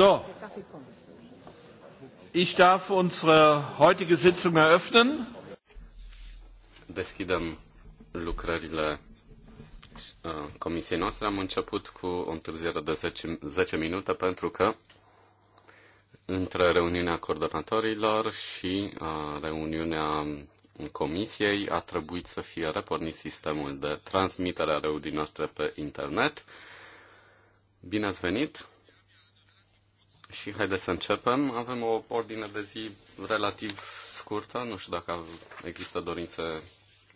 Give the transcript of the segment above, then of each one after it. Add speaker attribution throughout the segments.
Speaker 1: So,
Speaker 2: ich darf unsere heutige Sitzung eröffnen. Deschidem lucrările uh, comisiei noastre. Am început cu o întârziere de 10, 10 minute pentru că între reuniunea coordonatorilor și uh, reuniunea comisiei a trebuit să fie repornit sistemul de transmitere a reunii noastre pe internet. Bine ați venit! Și haideți să începem. Avem o ordine de zi relativ scurtă. Nu știu dacă există dorințe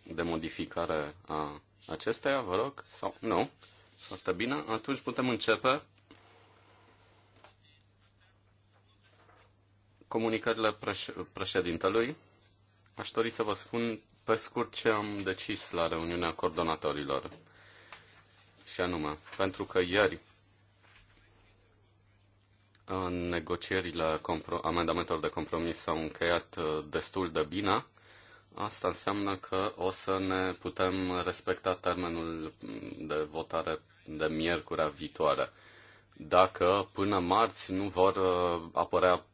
Speaker 2: de modificare a acesteia, vă rog, sau nu. Foarte bine. Atunci putem începe. Comunicările preș- președintelui. Aș dori să vă spun pe scurt ce am decis la reuniunea coordonatorilor. Și anume, pentru că ieri negocierile amendamentelor de compromis s-au încheiat uh, destul de bine. Asta înseamnă că o să ne putem respecta termenul de votare de miercurea viitoare. Dacă până marți nu vor uh, apărea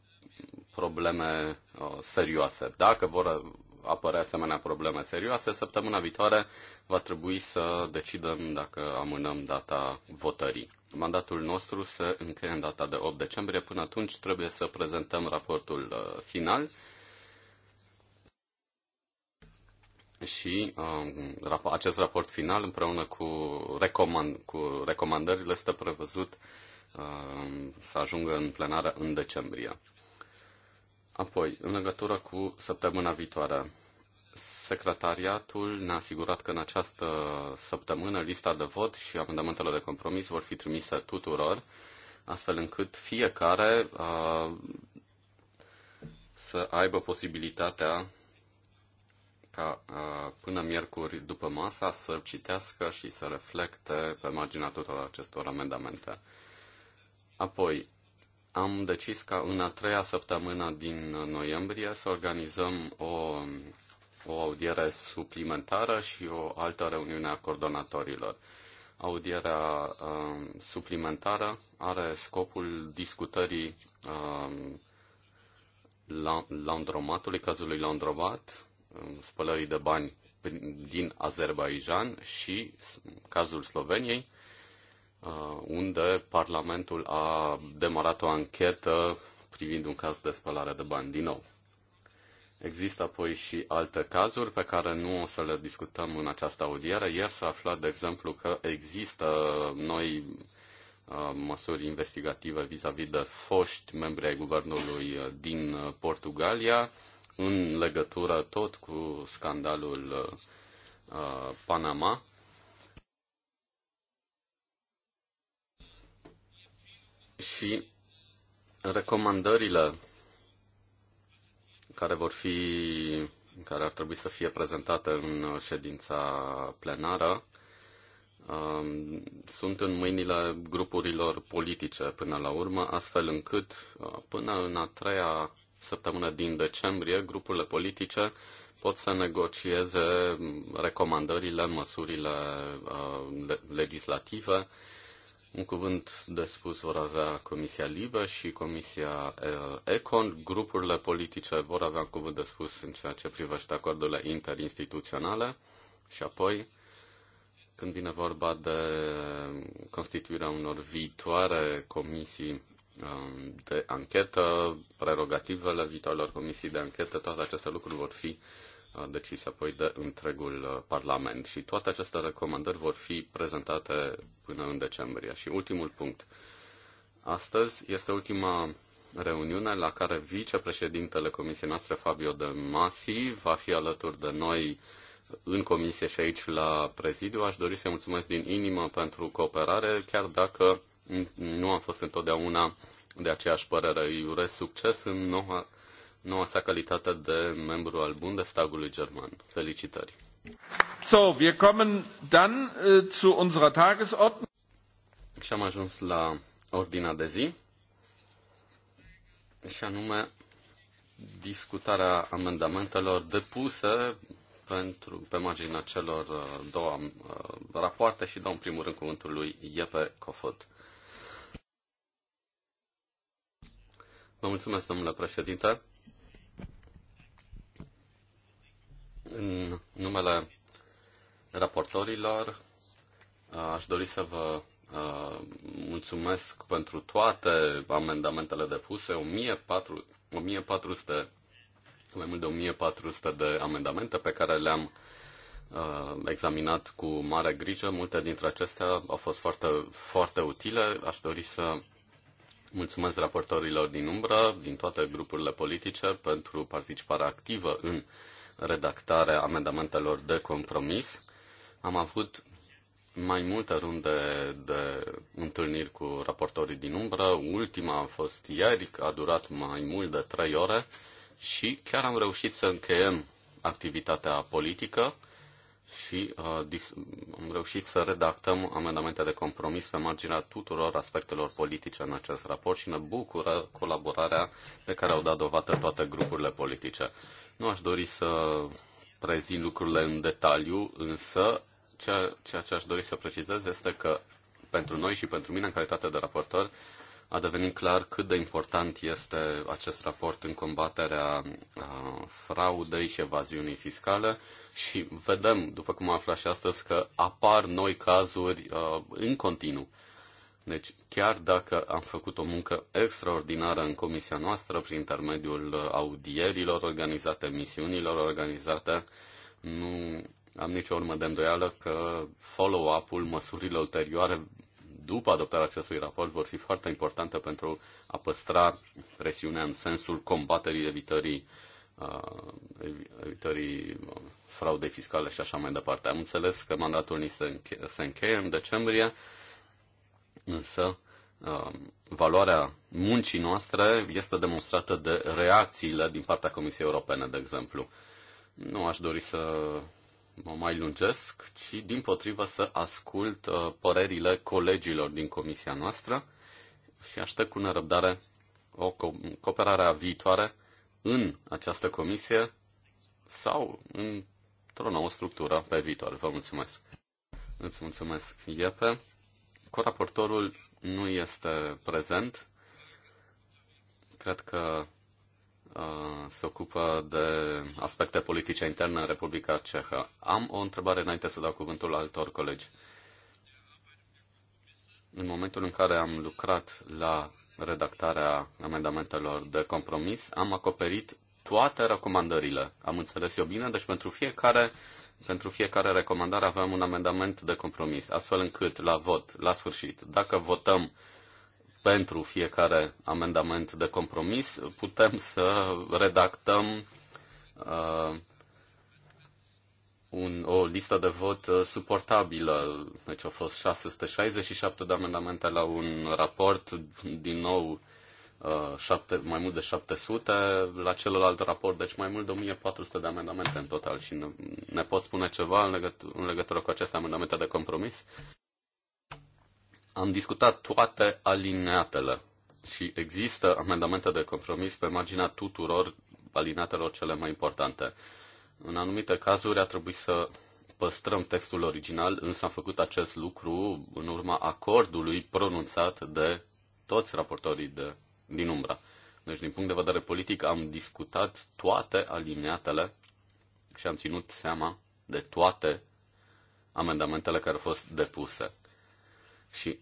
Speaker 2: probleme uh, serioase. Dacă vor apărea asemenea probleme serioase, săptămâna viitoare va trebui să decidem dacă amânăm data votării mandatul nostru se încheie în data de 8 decembrie. Până atunci trebuie să prezentăm raportul uh, final și um, acest raport final împreună cu, recomand, cu recomandările este prevăzut um, să ajungă în plenară în decembrie. Apoi, în legătură cu săptămâna viitoare, Secretariatul ne-a asigurat că în această săptămână lista de vot și amendamentele de compromis vor fi trimise tuturor, astfel încât fiecare uh, să aibă posibilitatea ca uh, până miercuri după masa să citească și să reflecte pe marginea tuturor acestor amendamente. Apoi, am decis ca în a treia săptămână din noiembrie să organizăm o o audiere suplimentară și o altă reuniune a coordonatorilor. Audierea uh, suplimentară are scopul discutării uh, laundromatului, cazului laundromat, um, spălării de bani din Azerbaijan și cazul Sloveniei, uh, unde Parlamentul a demarat o anchetă privind un caz de spălare de bani din nou. Există apoi și alte cazuri pe care nu o să le discutăm în această audiere. Ieri s-a aflat, de exemplu, că există noi uh, măsuri investigative vis-a-vis -vis de foști membri ai guvernului uh, din uh, Portugalia în legătură tot cu scandalul Panama. Și recomandările care vor fi care ar trebui să fie prezentate în ședința plenară um, sunt în mâinile grupurilor politice până la urmă, astfel încât uh, până în a treia săptămână din decembrie, grupurile politice pot să negocieze recomandările, măsurile uh, legislative un cuvânt de spus vor avea Comisia Libă și Comisia eh, Econ. Grupurile politice vor avea un cuvânt de spus în ceea ce privește acordurile interinstituționale și apoi, când vine vorba de constituirea unor viitoare comisii eh, de anchetă, prerogativele viitoarelor comisii de anchetă, toate aceste lucruri vor fi uh, decise apoi de întregul uh, Parlament. Și toate aceste recomandări vor fi prezentate până în decembrie. Și ultimul punct. Astăzi este ultima reuniune la care vicepreședintele comisiei noastre, Fabio De Masi, va fi alături de noi în comisie și aici la prezidiu. Aș dori să-i mulțumesc din inimă pentru cooperare, chiar dacă nu am fost întotdeauna de aceeași părere. Îi urez succes în noua noua sa calitate de membru al Bundestagului german. Felicitări! So, wir kommen dann uh, zu unserer Tagesordnung. Și am ajuns la ordinea de zi, și anume discutarea amendamentelor depuse pentru, pe marginea celor uh, două uh, rapoarte și dau în primul rând cuvântul lui Iepe Cofot. Vă mulțumesc, domnule președinte. În numele raportorilor, aș dori să vă uh, mulțumesc pentru toate amendamentele depuse, 1400, mai mult de 1400 de amendamente pe care le-am uh, examinat cu mare grijă. Multe dintre acestea au fost foarte, foarte utile. Aș dori să mulțumesc raportorilor din umbră, din toate grupurile politice, pentru participarea activă în redactare a amendamentelor de compromis. Am avut mai multe runde de întâlniri cu raportorii din umbră. Ultima a fost ieri, a durat mai mult de trei ore și chiar am reușit să încheiem activitatea politică și uh, am reușit să redactăm amendamente de compromis pe marginea tuturor aspectelor politice în acest raport și ne bucură colaborarea pe care au dat dovadă toate grupurile politice. Nu aș dori să prezint lucrurile în detaliu, însă ceea, ceea ce aș dori să precizez este că pentru noi și pentru mine, în calitate de raportor, uh, a devenit clar cât de important este acest raport în combaterea uh, fraudei și evaziunii fiscale și vedem, după cum am aflat și astăzi, că apar noi cazuri uh, în continuu. Deci, chiar dacă am făcut o muncă extraordinară în comisia noastră, prin intermediul audierilor organizate, misiunilor organizate, nu am nicio urmă de îndoială că follow-up-ul măsurilor ulterioare după adoptarea acestui raport vor fi foarte importante pentru a păstra presiunea în sensul combaterii evitării, uh, evitării uh, fraudei fiscale și așa mai departe. Am înțeles că mandatul ni se, înche- se încheie în decembrie, însă uh, valoarea muncii noastre este demonstrată de reacțiile din partea Comisiei Europene, de exemplu. Nu aș dori să mă mai lungesc, ci din potrivă să ascult uh, părerile colegilor din comisia noastră și aștept cu nerăbdare o co- cooperare viitoare în această comisie sau într-o nouă structură pe viitor. Vă mulțumesc! Îți mulțumesc, Iepe. Coraportorul nu este prezent. Cred că Uh, se ocupă de aspecte politice interne în Republica Cehă. Am o întrebare înainte să dau cuvântul altor colegi. În momentul în care am lucrat la redactarea amendamentelor de compromis, am acoperit toate recomandările. Am înțeles eu bine, deci pentru fiecare, pentru fiecare recomandare avem un amendament de compromis, astfel încât la vot, la sfârșit, dacă votăm uh, pentru fiecare amendament de compromis, putem să redactăm uh, un, o listă de vot uh, suportabilă. Deci au fost 667 de amendamente la un raport, din nou uh, șapte, mai mult de 700 la celălalt raport, deci mai mult de 1400 de amendamente în total. Și ne, ne pot spune ceva în, legăt- în legătură cu aceste amendamente de compromis? Am discutat toate alineatele și există amendamente de compromis pe marginea tuturor alineatelor cele mai importante. În anumite cazuri a trebuit să păstrăm textul original, însă am făcut acest lucru în urma acordului pronunțat de toți raportorii de, din umbra. Deci, din punct de vedere politic, am discutat toate alineatele și am ținut seama de toate amendamentele care au fost depuse. Și,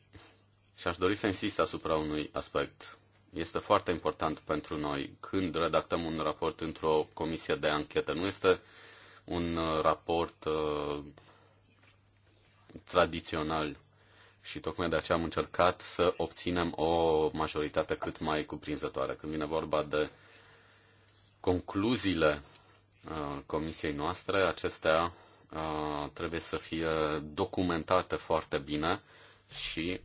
Speaker 2: și aș dori să insist asupra unui aspect. Este foarte important pentru noi când redactăm un raport într-o comisie de anchetă. Nu este un uh, raport uh, tradițional și tocmai de aceea am încercat să obținem o majoritate cât mai cuprinzătoare. Când vine vorba de concluziile uh, comisiei noastre, acestea uh, trebuie să fie documentate foarte bine și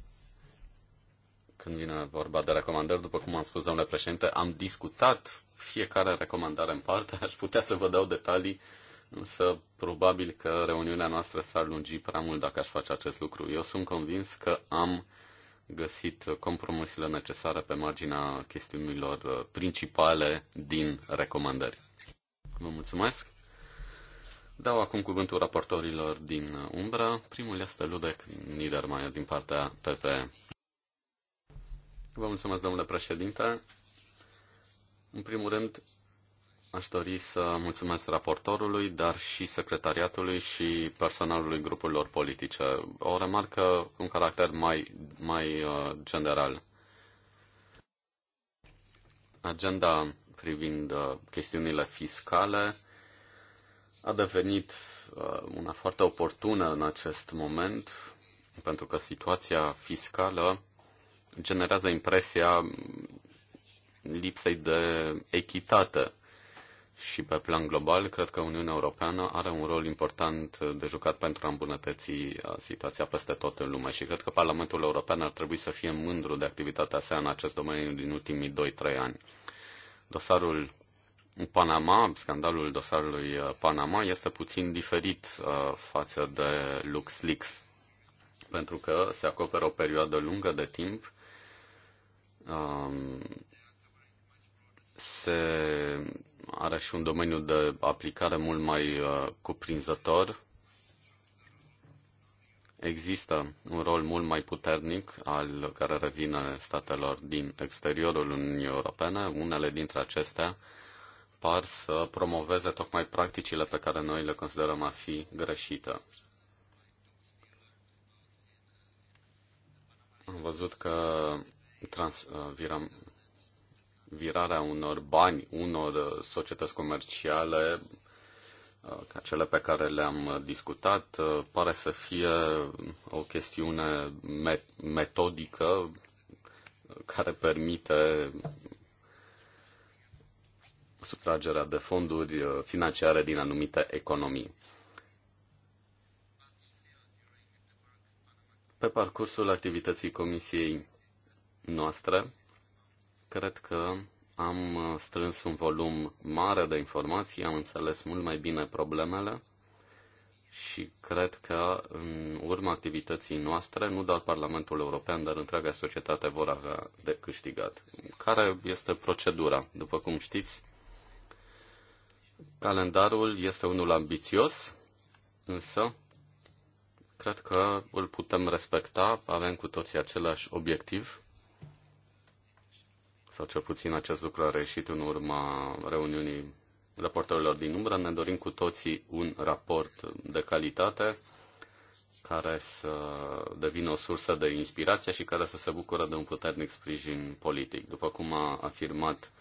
Speaker 2: când vine vorba de recomandări, după cum am spus, domnule președinte, am discutat fiecare recomandare în parte, aș putea să vă dau detalii, însă probabil că reuniunea noastră s-ar lungi prea mult dacă aș face acest lucru. Eu sunt convins că am găsit compromisurile necesare pe marginea chestiunilor uh, principale din recomandări. Vă mulțumesc! Dau acum cuvântul raportorilor din Umbra. Primul este Ludec Niedermayer din partea PPE. Vă mulțumesc, domnule președinte. În primul rând, aș dori să mulțumesc raportorului, dar și secretariatului și personalului grupurilor politice. O remarcă cu un caracter mai, mai uh, general. Agenda privind uh, chestiunile fiscale a devenit uh, una foarte oportună în acest moment, pentru că situația fiscală generează impresia lipsei de echitate. Și pe plan global, cred că Uniunea Europeană are un rol important de jucat pentru a îmbunătăți uh, situația peste tot în lume. Și cred că Parlamentul European ar trebui să fie mândru de activitatea sa în acest domeniu din ultimii 2-3 ani. Dosarul Panama, scandalul dosarului uh, Panama este puțin diferit uh, față de LuxLeaks, pentru că se acoperă o perioadă lungă de timp, um, se are și un domeniu de aplicare mult mai uh, cuprinzător, există un rol mult mai puternic al care revine statelor din exteriorul Uniunii Europene, unele dintre acestea par să promoveze tocmai practicile pe care noi le considerăm a fi greșite. Am văzut că trans, uh, viram, virarea unor bani, unor societăți comerciale, uh, ca cele pe care le-am discutat, uh, pare să fie o chestiune metodică care permite sustragerea de fonduri uh, financiare din anumite economii. Pe parcursul activității comisiei noastre, cred că am uh, strâns un volum mare de informații, am înțeles mult mai bine problemele și cred că în urma activității noastre, nu doar Parlamentul European, dar întreaga societate vor avea de câștigat. Care este procedura? După cum știți, Calendarul este unul ambițios, însă cred că îl putem respecta, avem cu toții același obiectiv, sau cel puțin acest lucru a reușit în urma reuniunii raportorilor din umbră. Ne dorim cu toții un raport de calitate care să devină o sursă de inspirație și care să se bucură de un puternic sprijin politic. După cum a afirmat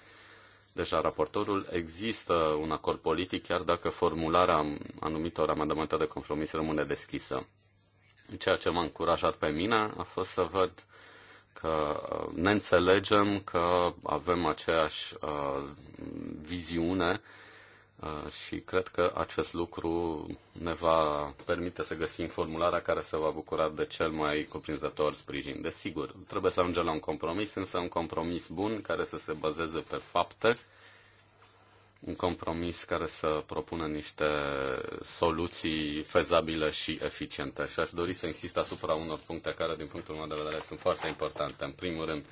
Speaker 2: deja raportorul, există un acord politic, chiar dacă formularea anumitor amendamente de compromis rămâne deschisă. Ceea ce m-a încurajat pe mine a fost să văd că uh, ne înțelegem, că avem aceeași uh, viziune Uh, și cred că acest lucru ne va permite să găsim formularea care se va bucura de cel mai cuprinzător sprijin. Desigur, trebuie să ajungem la un compromis, însă un compromis bun care să se bazeze pe fapte, un compromis care să propună niște soluții fezabile și eficiente. Și aș dori să insist asupra unor puncte care, din punctul meu de vedere, sunt foarte importante. În primul rând,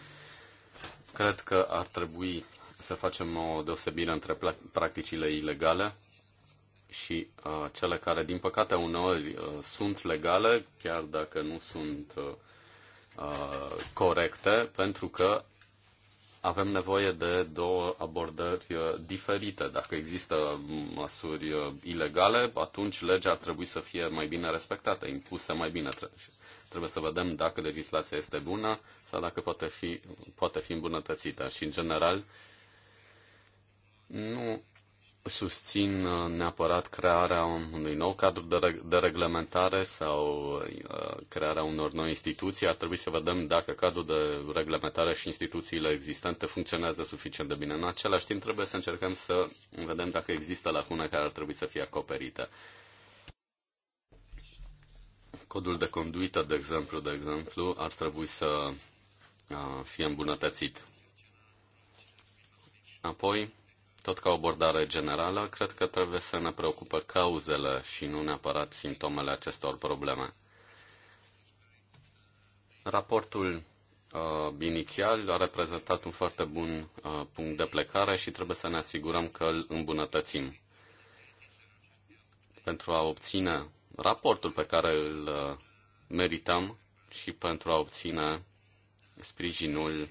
Speaker 2: cred că ar trebui să facem o deosebire între practicile ilegale și uh, cele care, din păcate, uneori uh, sunt legale, chiar dacă nu sunt uh, corecte, pentru că avem nevoie de două abordări uh, diferite. Dacă există măsuri uh, ilegale, atunci legea ar trebui să fie mai bine respectată, impusă mai bine. Trebuie să vedem dacă legislația este bună sau dacă poate fi, poate fi îmbunătățită. Și, în general, nu susțin uh, neapărat crearea unui nou cadru de, reg- de reglementare sau uh, crearea unor noi instituții. Ar trebui să vedem dacă cadrul de reglementare și instituțiile existente funcționează suficient de bine. În același timp, trebuie să încercăm să vedem dacă există lacune care ar trebui să fie acoperite. Codul de conduită, de exemplu, de exemplu, ar trebui să uh, fie îmbunătățit. Apoi, tot ca o abordare generală, cred că trebuie să ne preocupă cauzele și nu neapărat simptomele acestor probleme. Raportul uh, inițial a reprezentat un foarte bun uh, punct de plecare și trebuie să ne asigurăm că îl îmbunătățim. Pentru a obține raportul pe care îl uh, merităm și pentru a obține sprijinul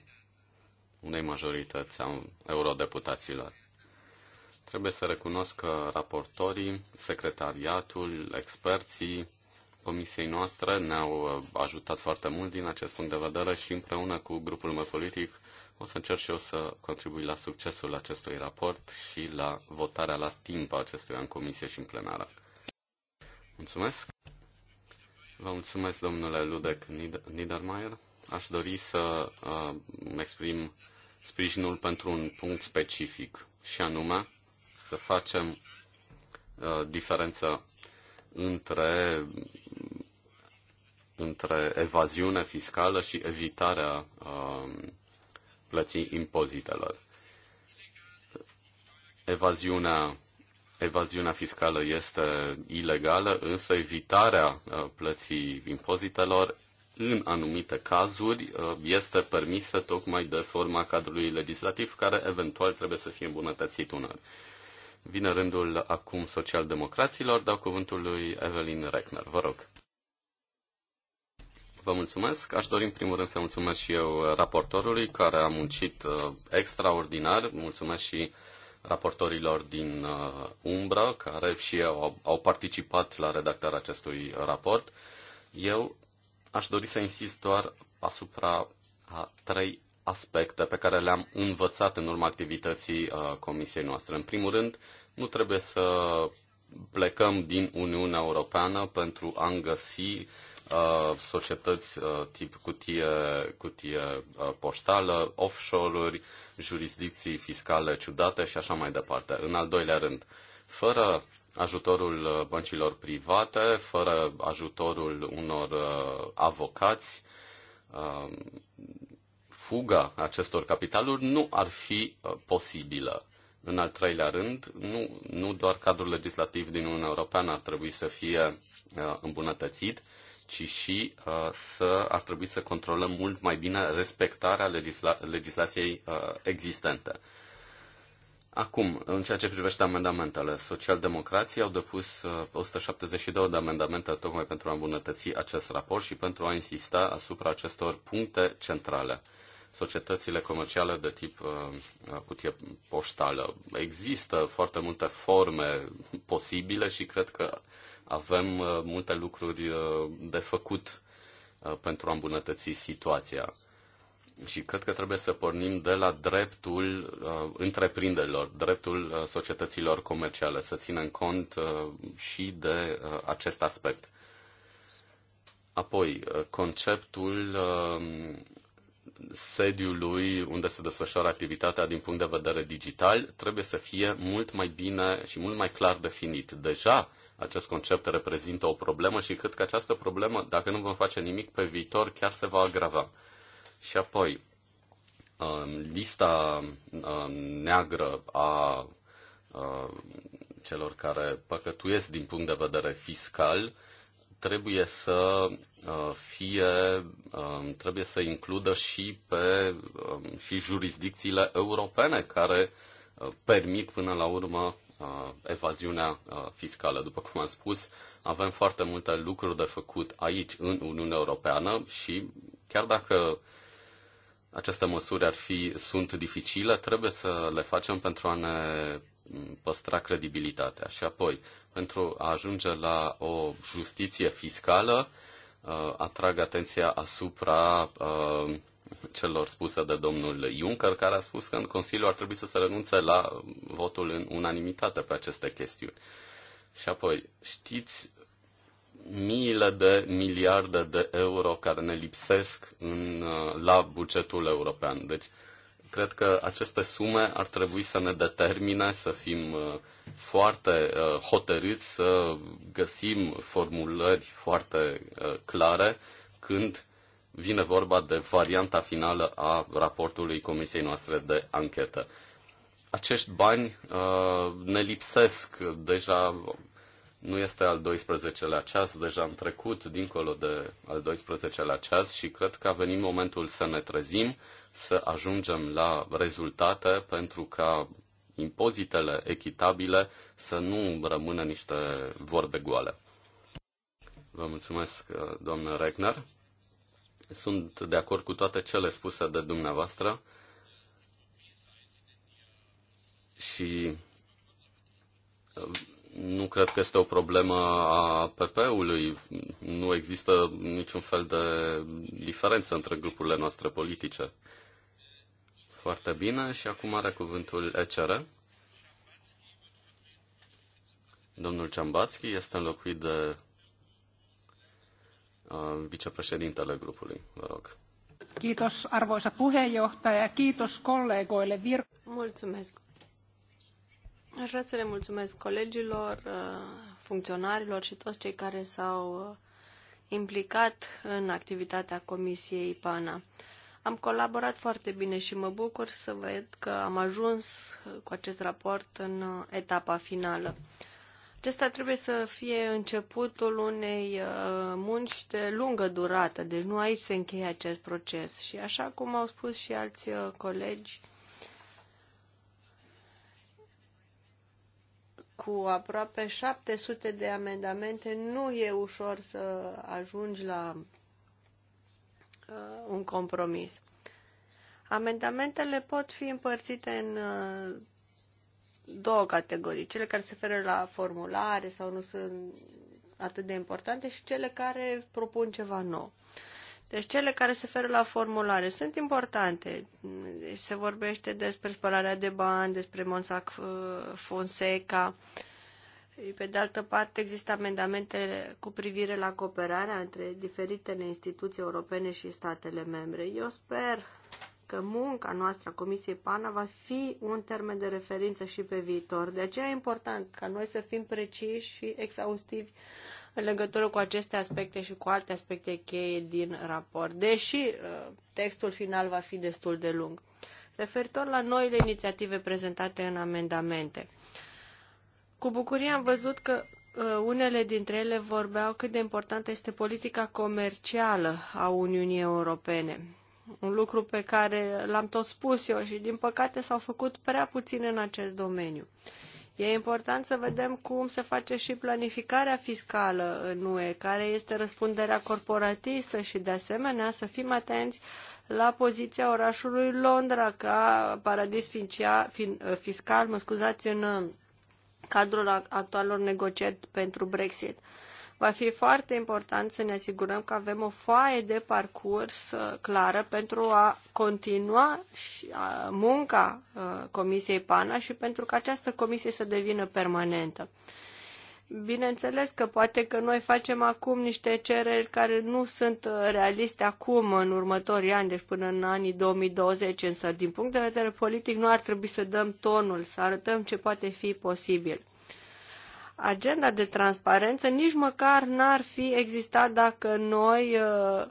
Speaker 2: unei majorități a eurodeputaților. Trebuie să recunosc că raportorii, secretariatul, experții comisiei noastre ne-au uh, ajutat foarte mult din acest punct de vedere și împreună cu grupul meu politic o să încerc și eu să contribui la succesul acestui raport și la votarea la timp a acestui în comisie și în plenară. Mulțumesc! Vă mulțumesc, domnule Ludec Niedermayer. Aș dori să uh, exprim sprijinul pentru un punct specific, și anume să facem uh, diferența între, între evaziune fiscală și evitarea uh, plății impozitelor. Evaziunea evaziunea fiscală este ilegală, însă evitarea uh, plății impozitelor în anumite cazuri uh, este permisă tocmai de forma cadrului legislativ care eventual trebuie să fie îmbunătățit uneori. Vine rândul acum socialdemocraților, dau cuvântul lui Evelyn Reckner. Vă rog. Vă mulțumesc. Aș dori în primul rând să mulțumesc și eu raportorului care a muncit uh, extraordinar. Mulțumesc și raportorilor din uh, Umbra care și eu au, au participat la redactarea acestui raport. Eu aș dori să insist doar asupra a trei aspecte pe care le-am învățat în urma activității uh, comisiei noastre. În primul rând, nu trebuie să plecăm din Uniunea Europeană pentru a găsi uh, societăți uh, tip cutie, cutie poștală, offshore-uri, jurisdicții fiscale ciudate și așa mai departe. În al doilea rând, fără ajutorul băncilor private, fără ajutorul unor avocați, fuga acestor capitaluri nu ar fi uh, posibilă. În al treilea rând, nu, nu doar cadrul legislativ din Uniunea Europeană ar trebui să fie uh, îmbunătățit, ci și uh, să ar trebui să controlăm mult mai bine respectarea legisla- legislației existente. Acum, în ceea ce privește amendamentele, socialdemocrații au depus 172 de amendamente tocmai pentru a îmbunătăți acest raport și pentru a insista asupra acestor puncte centrale societățile comerciale de tip uh, uh, cutie poștală. Există foarte multe forme posibile și cred că avem uh, multe lucruri de făcut pentru a îmbunătăți situația. Și cred că trebuie să pornim de la dreptul uh, întreprinderilor, dreptul uh, societăților comerciale, să ținem cont uh, și de uh, acest aspect. Apoi, conceptul sediului unde se desfășoară activitatea din punct de vedere digital trebuie să fie mult mai bine și mult mai clar definit. Deja acest concept reprezintă o problemă și cred că această problemă, dacă nu vom face nimic pe viitor, chiar se va agrava. Și apoi, um, lista um, neagră a um, celor care păcătuiesc din punct de vedere fiscal trebuie să uh, fie, um, trebuie să includă și pe um, și jurisdicțiile europene care uh, permit până la urmă uh, evaziunea fiscală. După cum am spus, avem foarte multe lucruri de făcut aici, în Uniunea Europeană și chiar dacă aceste măsuri ar fi, sunt dificile, trebuie să le facem pentru a ne păstra credibilitatea. Și apoi, pentru a ajunge la o justiție fiscală, uh, atrag atenția asupra uh, celor spuse de domnul Juncker, care a spus că în Consiliu ar trebui să se renunțe la votul în unanimitate pe aceste chestiuni. Și apoi, știți miile de miliarde de euro care ne lipsesc în, uh, la bugetul european. Deci, Cred că aceste sume ar trebui să ne determine să fim uh, foarte uh, hotărâți, să găsim formulări foarte uh, clare când vine vorba de varianta finală a raportului comisiei noastre de anchetă. Acești bani ne lipsesc deja, nu este al 12-lea ceas, deja am trecut dincolo de al 12-lea ceas și cred că a venit momentul să ne trezim să ajungem la rezultate pentru ca impozitele echitabile să nu rămână niște vorbe goale. Vă mulțumesc, domnule Regner. Sunt de acord cu toate cele spuse de dumneavoastră și nu cred că este o problemă a PP-ului. Nu există niciun fel de diferență între grupurile noastre politice. Foarte bine. Și acum are cuvântul ECR. Domnul Ciambațchi este înlocuit de vicepreședintele grupului. Vă rog.
Speaker 3: Kiitos arvoisa puheenjohtaja
Speaker 1: kiitos kollegoille vir- Mulțumesc Aș vrea să le mulțumesc colegilor, uh, funcționarilor și toți cei care s-au uh, implicat în activitatea Comisiei PANA. Am colaborat foarte bine și mă bucur să văd că am ajuns cu acest raport în uh, etapa finală. Acesta trebuie să fie începutul unei munci de lungă durată, deci nu aici se încheie acest proces. Și așa cum au spus și alți colegi, cu aproape 700 de amendamente nu e ușor să ajungi la uh, un compromis. Amendamentele pot fi împărțite în uh, două categorii, cele care se referă la formulare sau nu sunt atât de importante și cele care propun ceva nou. Uh, deci cele care se feră la formulare sunt importante. Deci se vorbește despre spălarea de bani, despre Monsac uh, Fonseca. Pe de altă parte, există amendamente cu privire la cooperarea între diferitele instituții europene și statele membre. Eu sper că munca noastră a Comisiei PANA va fi un termen de referință și pe viitor. De aceea e important ca noi să fim preciși și exhaustivi în legătură cu aceste aspecte și cu alte aspecte cheie din raport, deși uh, textul final va fi destul de lung. Referitor la noile inițiative prezentate în amendamente, cu bucurie am văzut că uh, unele dintre ele vorbeau cât de importantă este politica comercială a Uniunii Europene. Un lucru pe care l-am tot spus eu și, din păcate, s-au făcut prea puțin în acest domeniu. E important să vedem cum se face și planificarea fiscală în UE, care este răspunderea corporatistă și, de asemenea, să fim atenți la poziția orașului Londra ca paradis fiscal, mă scuzați, în cadrul actualelor negocieri pentru Brexit va fi foarte important să ne asigurăm că avem o foaie de parcurs uh, clară pentru a continua uh, munca uh, Comisiei PANA și pentru că această comisie să devină permanentă. Bineînțeles că poate că noi facem acum niște cereri care nu sunt realiste acum, în următorii ani, deci până în anii 2020, însă din punct de vedere politic nu ar trebui să dăm tonul, să arătăm ce poate fi posibil agenda de transparență nici măcar n-ar fi existat dacă noi uh,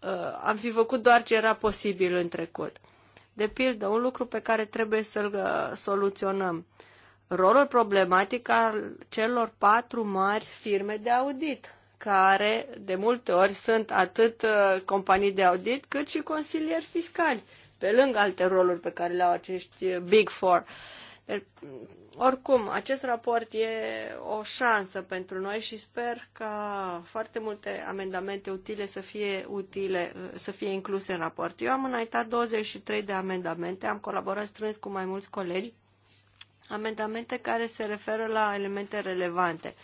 Speaker 1: uh, am fi făcut doar ce era posibil în trecut. De pildă, un lucru pe care trebuie să-l uh, soluționăm. Rolul problematic al celor patru mari firme de audit, care de multe ori sunt atât uh, companii de audit cât și consilieri fiscali, pe lângă alte roluri pe care le au acești uh, Big Four. Deci, oricum, acest raport e o șansă pentru noi și sper ca foarte multe amendamente utile să fie utile, să fie incluse în raport. Eu am înaintat 23 de amendamente, am colaborat strâns cu mai mulți colegi, amendamente care se referă la elemente relevante.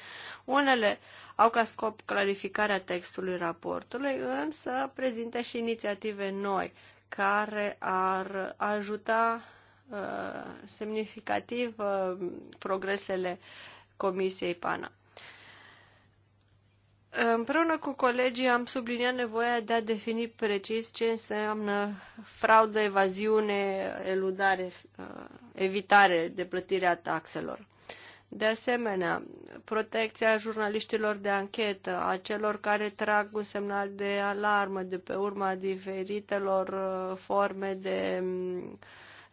Speaker 1: Unele au ca scop clarificarea textului raportului, însă prezintă și inițiative noi care ar ajuta Uh, semnificativ uh, progresele Comisiei PANA. Împreună cu colegii am subliniat nevoia de a defini precis ce înseamnă fraudă, evaziune, eludare, uh, evitare de plătirea taxelor. De asemenea, protecția jurnaliștilor de anchetă, a celor care trag un semnal de alarmă de pe urma diferitelor uh, forme de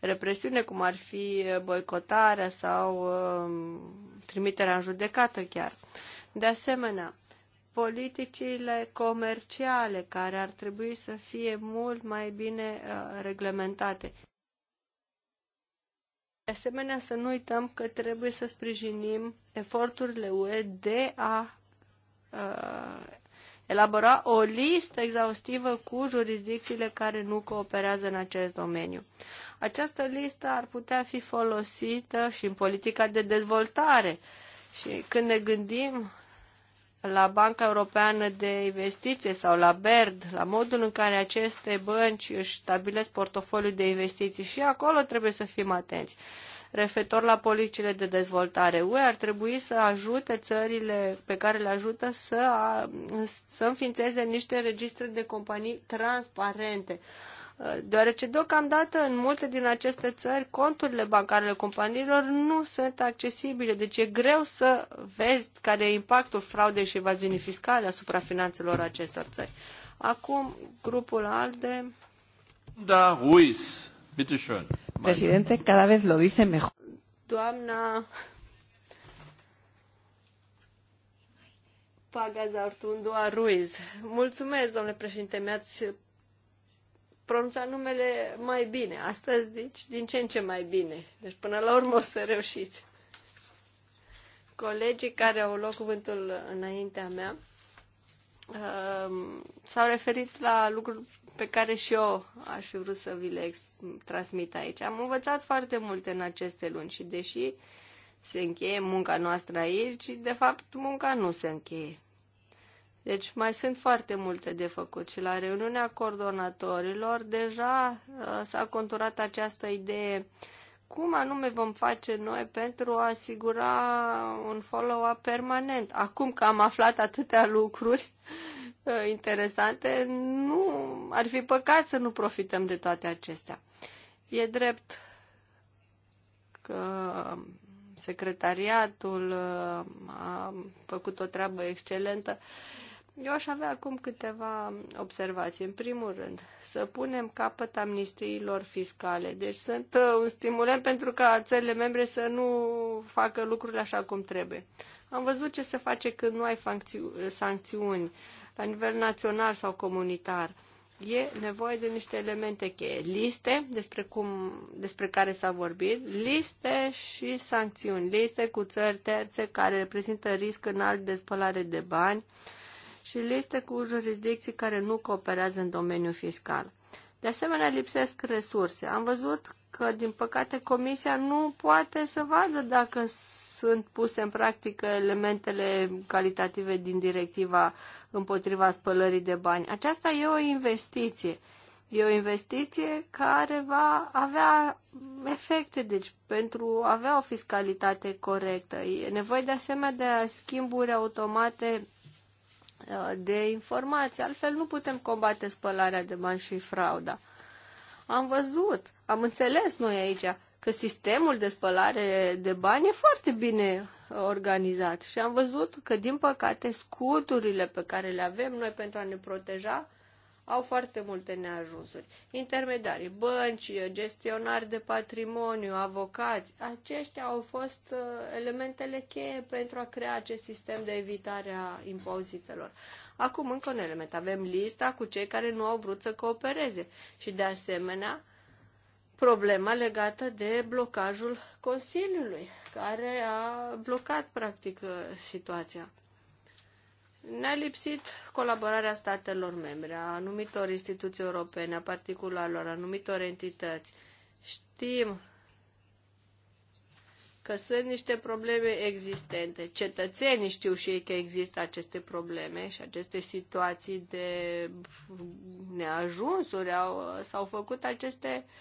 Speaker 1: represiune, cum ar fi uh, boicotarea sau uh, trimiterea în judecată chiar. De asemenea, politicile comerciale care ar trebui să fie mult mai bine uh, reglementate. De asemenea, să nu uităm că trebuie să sprijinim eforturile UE de a uh, elabora o listă exhaustivă cu jurisdicțiile care nu cooperează în acest domeniu. Această listă ar putea fi folosită și în politica de dezvoltare. Și când ne gândim la Banca Europeană de Investiție sau la BERD, la modul în care aceste bănci își stabilesc portofoliul de investiții și acolo trebuie să fim atenți referitor la politicile de dezvoltare. UE ar trebui să ajute țările pe care le ajută să, a, să înființeze niște registre de companii transparente. Uh, deoarece deocamdată în multe din aceste țări conturile bancare ale companiilor nu sunt accesibile, deci e greu să vezi care e impactul fraudei și evaziunii fiscale asupra finanțelor acestor țări. Acum, grupul ALDE.
Speaker 2: Da, UIS. Bitte schön.
Speaker 1: Presidente, cada vez lo dice mejor. Doamna Pagazartundua Ruiz. Mulțumesc, domnule președinte, mi-ați pronunțat numele mai bine. Astăzi, deci, din ce în ce mai bine. Deci, până la urmă o să reușiți. Colegii care au luat cuvântul înaintea mea Ehm, s-au referit la lucruri pe care și eu aș fi vrut să vi le transmit aici. Am învățat foarte multe în aceste luni și deși se încheie munca noastră aici, de fapt munca nu se încheie. Deci mai sunt foarte multe de făcut și la reuniunea coordonatorilor deja eh, s-a conturat această idee uh, cum anume vom face noi pentru a asigura un follow-up permanent. Acum că am aflat atâtea lucruri uh, interesante, nu ar fi păcat să nu profităm de toate acestea. E drept că secretariatul uh, a făcut o treabă excelentă eu aș avea acum câteva observații. În primul rând, să punem capăt amnistiilor fiscale. Deci sunt uh, un stimulant pentru ca țările membre să nu facă lucrurile așa cum trebuie. Am văzut ce se face când nu ai sancțiuni la nivel național sau comunitar. E nevoie de niște elemente cheie. Liste, despre, cum, despre care s-a vorbit, liste și sancțiuni. Liste cu țări terțe care reprezintă risc înalt de spălare de bani, și liste cu jurisdicții care nu cooperează în domeniul fiscal. De asemenea, lipsesc resurse. Am văzut că, din păcate, Comisia nu poate să vadă dacă sunt puse în practică elementele calitative din directiva împotriva spălării de bani. Aceasta e o investiție. E o investiție care va avea efecte, deci pentru a avea o fiscalitate corectă. E nevoie de asemenea de schimburi automate Uh, de informații. Altfel nu putem combate spălarea de bani și frauda. Am văzut, am înțeles noi aici că sistemul de spălare de bani e foarte bine uh, organizat și am văzut că, din păcate, scuturile pe care le avem noi pentru a ne proteja au foarte multe neajunsuri. Intermediari, bănci, gestionari de patrimoniu, avocați, aceștia au fost uh, elementele cheie pentru a crea acest sistem de evitare a impozitelor. Acum încă un element. Avem lista cu cei care nu au vrut să coopereze și de asemenea problema legată de blocajul Consiliului, care a blocat practic uh, situația. Ne-a lipsit colaborarea statelor membre, a anumitor instituții europene, a particularilor, a anumitor entități. Știm că sunt niște probleme existente. Cetățenii știu și ei că există aceste probleme și aceste situații de neajunsuri. s-au făcut aceste uh,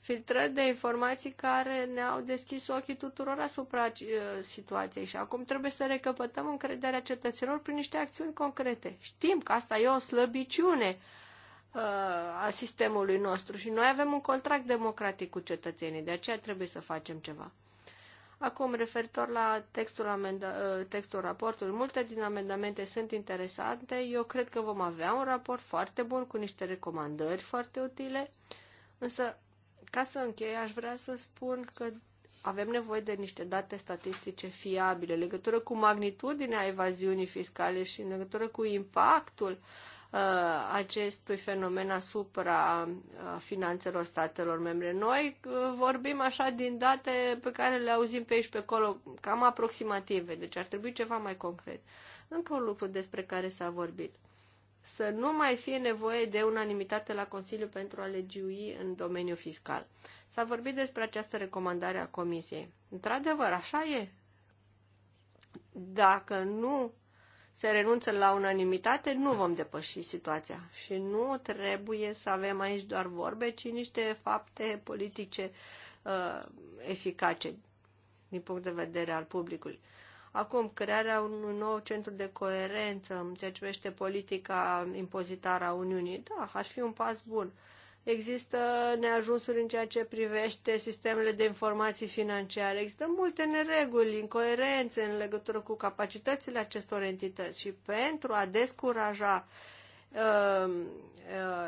Speaker 1: filtrări de informații care ne-au deschis ochii tuturor asupra uh, situației și acum trebuie să recăpătăm încrederea cetățenilor prin niște acțiuni concrete. Știm că asta e o slăbiciune uh, a sistemului nostru și noi avem un contract democratic cu cetățenii, de aceea trebuie să facem ceva. Acum, referitor la textul, amenda- uh, textul raportului, multe din amendamente sunt interesante. Eu cred că vom avea un raport foarte bun cu niște recomandări foarte utile, însă ca să închei, aș vrea să spun că avem nevoie de niște date statistice fiabile legătură cu magnitudinea evaziunii fiscale și în legătură cu impactul uh, acestui fenomen asupra uh, finanțelor statelor membre. Noi uh, vorbim așa din date pe care le auzim pe aici pe acolo, cam aproximative, deci ar trebui ceva mai concret. Încă un lucru despre care s-a vorbit să nu mai fie nevoie de unanimitate la Consiliu pentru a legiui în domeniul fiscal. S-a vorbit despre această recomandare a Comisiei. Într-adevăr, așa e. Dacă nu se renunță la unanimitate, nu vom depăși situația. Și nu trebuie să avem aici doar vorbe, ci niște fapte politice uh, eficace din punct de vedere al publicului. Acum, crearea unui nou centru de coerență în ceea ce privește politica impozitară a Uniunii, da, aș fi un pas bun. Există neajunsuri în ceea ce privește sistemele de informații financiare. Există multe nereguli, incoerențe în legătură cu capacitățile acestor entități și pentru a descuraja uh, uh,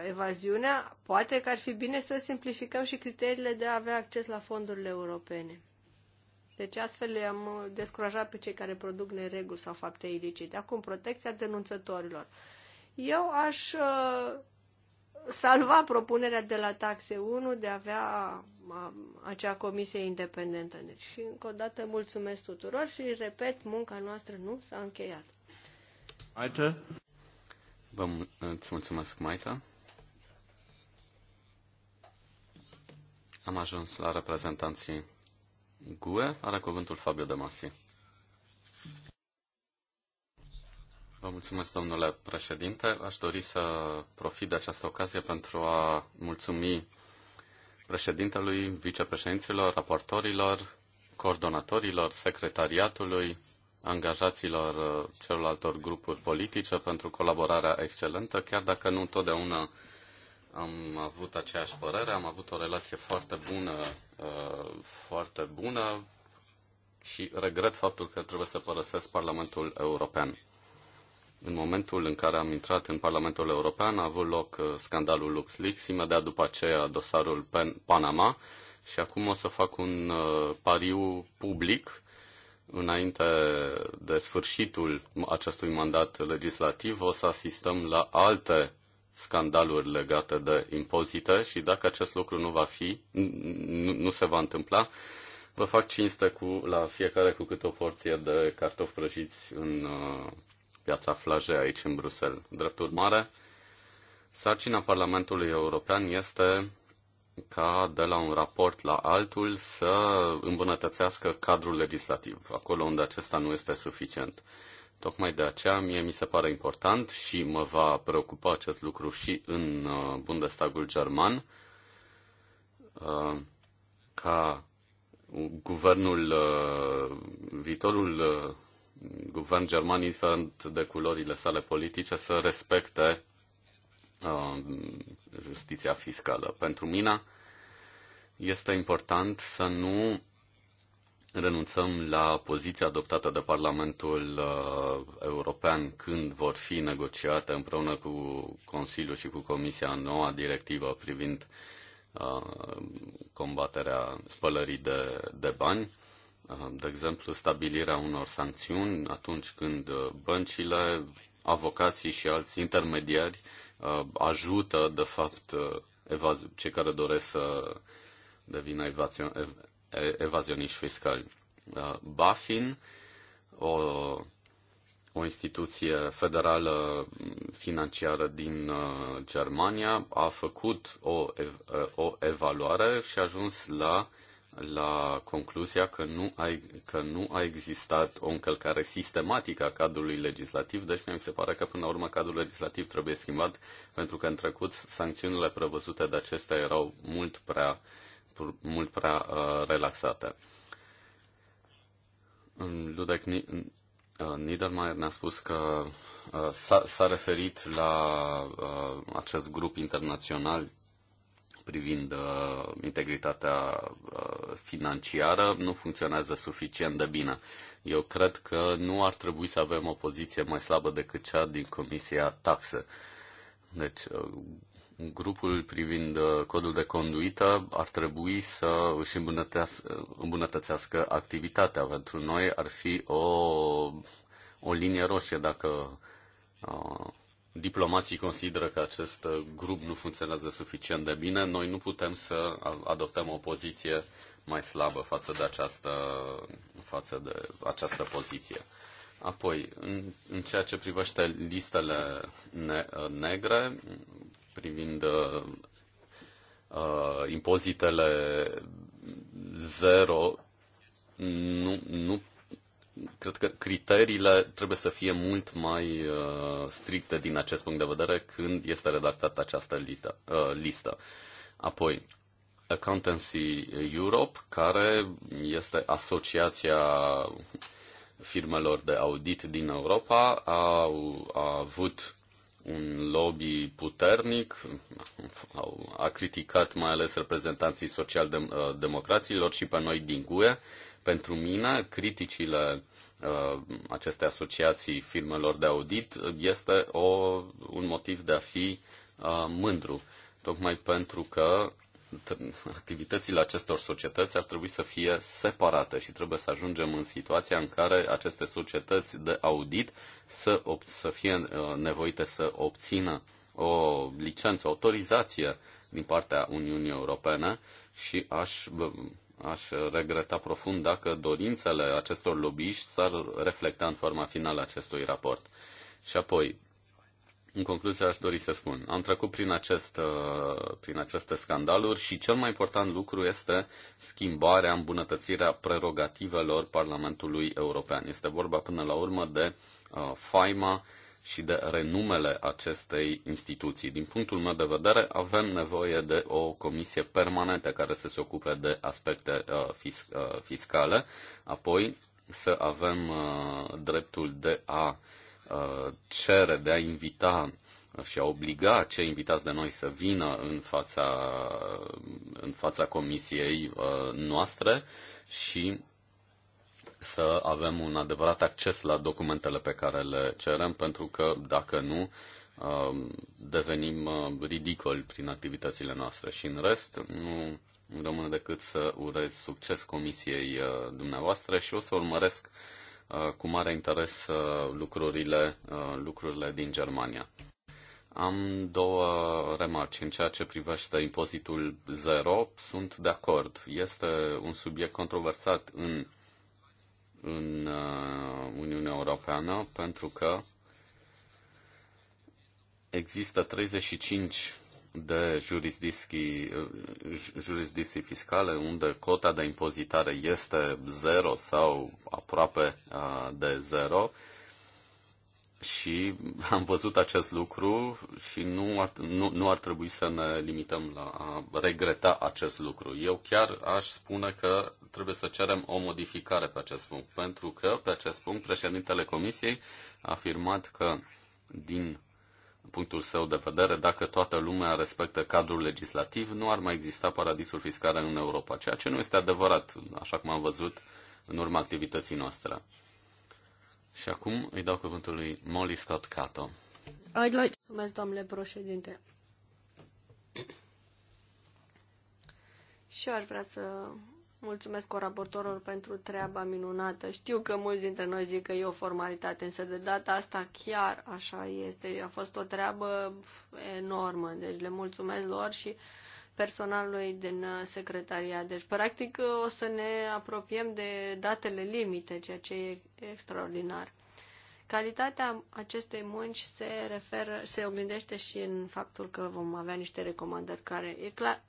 Speaker 1: evaziunea, poate că ar fi bine să simplificăm și criteriile de a avea acces la fondurile europene. Deci astfel am uh, descurajat pe cei care produc nereguli sau fapte ilicite. Acum, protecția denunțătorilor. Eu aș uh, salva propunerea de la taxe 1 de a avea uh, acea comisie independentă. Deci, și încă o dată mulțumesc tuturor și repet, munca noastră nu s-a încheiat.
Speaker 2: Maite? Vă mulțumesc, Maita. Am ajuns la reprezentanții GUE are cuvântul Fabio de Masi. Vă mulțumesc, domnule președinte. Aș dori să profit de această ocazie pentru a mulțumi președintelui, vicepreședinților, raportorilor, coordonatorilor, secretariatului, angajaților celorlaltor grupuri politice pentru colaborarea excelentă, chiar dacă nu întotdeauna am avut aceeași părere, am avut o relație foarte bună, uh, foarte bună și regret faptul că trebuie să părăsesc Parlamentul European. În momentul în care am intrat în Parlamentul European a avut loc uh, scandalul LuxLeaks, imediat după aceea dosarul Panama și acum o să fac un uh, pariu public înainte de sfârșitul acestui mandat legislativ o să asistăm la alte scandaluri legate de impozite și dacă acest lucru nu va fi, nu, nu se va întâmpla, vă fac cinste cu, la fiecare cu câte o porție de cartofi prăjiți în uh, piața Flaje aici în Bruxelles. Drept urmare, sarcina Parlamentului European este ca de la un raport la altul să îmbunătățească cadrul legislativ, acolo unde acesta nu este suficient. Tocmai de aceea mie mi se pare important și mă va preocupa acest lucru și în uh, Bundestagul german uh, ca guvernul uh, viitorul guvern german, indiferent de culorile sale politice, să respecte justiția fiscală. Pentru mine este important să nu renunțăm la poziția adoptată de Parlamentul uh, European când vor fi negociate împreună cu Consiliul și cu Comisia noua directivă privind uh, combaterea spălării de, de bani. Uh, de exemplu, stabilirea unor sancțiuni atunci când băncile, avocații și alți intermediari uh, ajută, de fapt, uh, cei care doresc să devină evazioniști fiscali. Uh, BaFin, o, o instituție federală financiară din uh, Germania, a făcut o, uh, o evaluare și a ajuns la la concluzia că nu, a, că nu a existat o încălcare sistematică a cadrului legislativ, deci mi se pare că până la urmă cadrul legislativ trebuie schimbat, pentru că în trecut sancțiunile prevăzute de acestea erau mult prea uh, mult prea uh, relaxate. Ludec uh, Niedermayer ne-a spus că uh, s-a referit la acest grup internațional privind uh, integritatea uh, financiară nu funcționează suficient de bine. Eu cred că nu ar trebui să avem o poziție mai slabă decât cea din Comisia Taxe. Deci, uh, grupul privind uh, codul de conduită ar trebui să își uh, îmbunătățească, activitatea. Pentru noi ar fi o, o linie roșie dacă uh, diplomații consideră că acest uh, grup nu funcționează suficient de bine. Noi nu putem să adoptăm o poziție mai slabă față de această, față de această poziție. Apoi, în, în ceea ce privește listele ne, negre, privind uh, uh, impozitele zero, nu, nu cred că criteriile trebuie să fie mult mai uh, stricte din acest punct de vedere când este redactată această lită, uh, listă. Apoi, Accountancy Europe, care este asociația firmelor de audit din Europa, au, a avut un lobby puternic, au, a criticat mai ales reprezentanții social-democraților uh, și pe noi din GUE. Pentru mine, criticile uh, acestei asociații firmelor de audit este o, un motiv de a fi uh, mândru, tocmai pentru că activitățile acestor societăți ar trebui să fie separate și trebuie să ajungem în situația în care aceste societăți de audit să, să fie uh, nevoite să obțină o licență, o autorizație din partea Uniunii Europene și aș, aș regreta profund dacă dorințele acestor lobbyiști s-ar reflecta în forma finală acestui raport. Și apoi, în concluzie, aș dori să spun, am trecut prin, acest, uh, prin aceste scandaluri și cel mai important lucru este schimbarea, îmbunătățirea prerogativelor Parlamentului European. Este vorba până la urmă de uh, faima și de renumele acestei instituții. Din punctul meu de vedere, avem nevoie de o comisie permanentă care să se ocupe de aspecte uh, fis, uh, fiscale, apoi să avem uh, dreptul de a uh, Uh, cere de a invita și a obliga cei invitați de noi să vină în fața, în fața comisiei uh, noastre și să avem un adevărat acces la documentele pe care le cerem, pentru că dacă nu, uh, devenim ridicoli prin activitățile noastre. Și în rest, nu rămâne decât să urez succes comisiei dumneavoastră și o să urmăresc Uh, cu mare interes uh, lucrurile, uh, lucrurile din Germania. Am două remarci în ceea ce privește impozitul zero. Sunt de acord. Este un subiect controversat în, în Uniunea Europeană pentru că există 35 de jurisdicții, fiscale unde cota de impozitare este zero sau aproape de zero și am văzut acest lucru și nu ar, nu, nu ar trebui să ne limităm la a regreta acest lucru. Eu chiar aș spune că trebuie să cerem o modificare pe acest punct, pentru că pe acest punct președintele Comisiei a afirmat că din punctul său de vedere, dacă toată lumea respectă cadrul legislativ, nu ar mai exista paradisuri fiscale în Europa, ceea ce nu este adevărat, așa cum am văzut în urma activității noastre. Și acum îi dau cuvântul lui Molly Scott Cato.
Speaker 1: I'd like... to Mulțumesc, domnule președinte. Și eu ar vrea să Mulțumesc coraportorilor pentru treaba minunată. Știu că mulți dintre noi zic că e o formalitate, însă de data asta chiar așa este. A fost o treabă enormă, deci le mulțumesc lor și personalului din secretariat. Deci, practic, o să ne apropiem de datele limite, ceea ce e extraordinar. Calitatea acestei munci se referă, se oglindește și în faptul că vom avea niște recomandări care, e clar,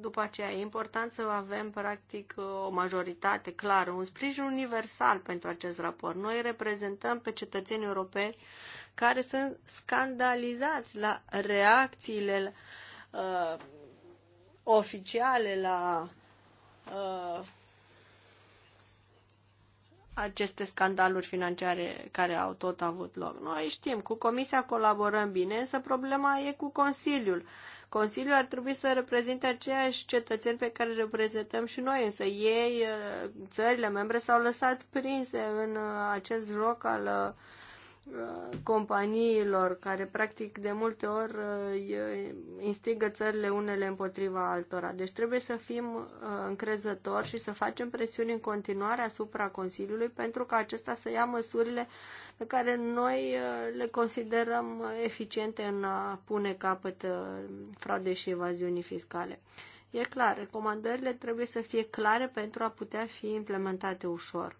Speaker 1: după aceea e important să avem practic o majoritate clară, un sprijin universal pentru acest raport. Noi reprezentăm pe cetățenii europeni care sunt scandalizați la reacțiile uh, oficiale, la uh, aceste scandaluri financiare care au tot avut loc. Noi știm, cu Comisia colaborăm bine, însă problema e cu Consiliul. Consiliul ar trebui să reprezinte aceiași cetățeni pe care reprezentăm și noi, însă ei, ă, țările membre, s-au lăsat prinse în ă, acest joc al uh, companiilor care practic de multe ori uh, instigă țările unele împotriva altora. Deci trebuie să fim uh, încrezători și să facem presiuni în continuare asupra Consiliului pentru ca acesta să ia măsurile pe care noi uh, le considerăm eficiente în a pune capăt fraude și evaziunii fiscale. E clar, recomandările trebuie să fie clare pentru a putea fi implementate ușor.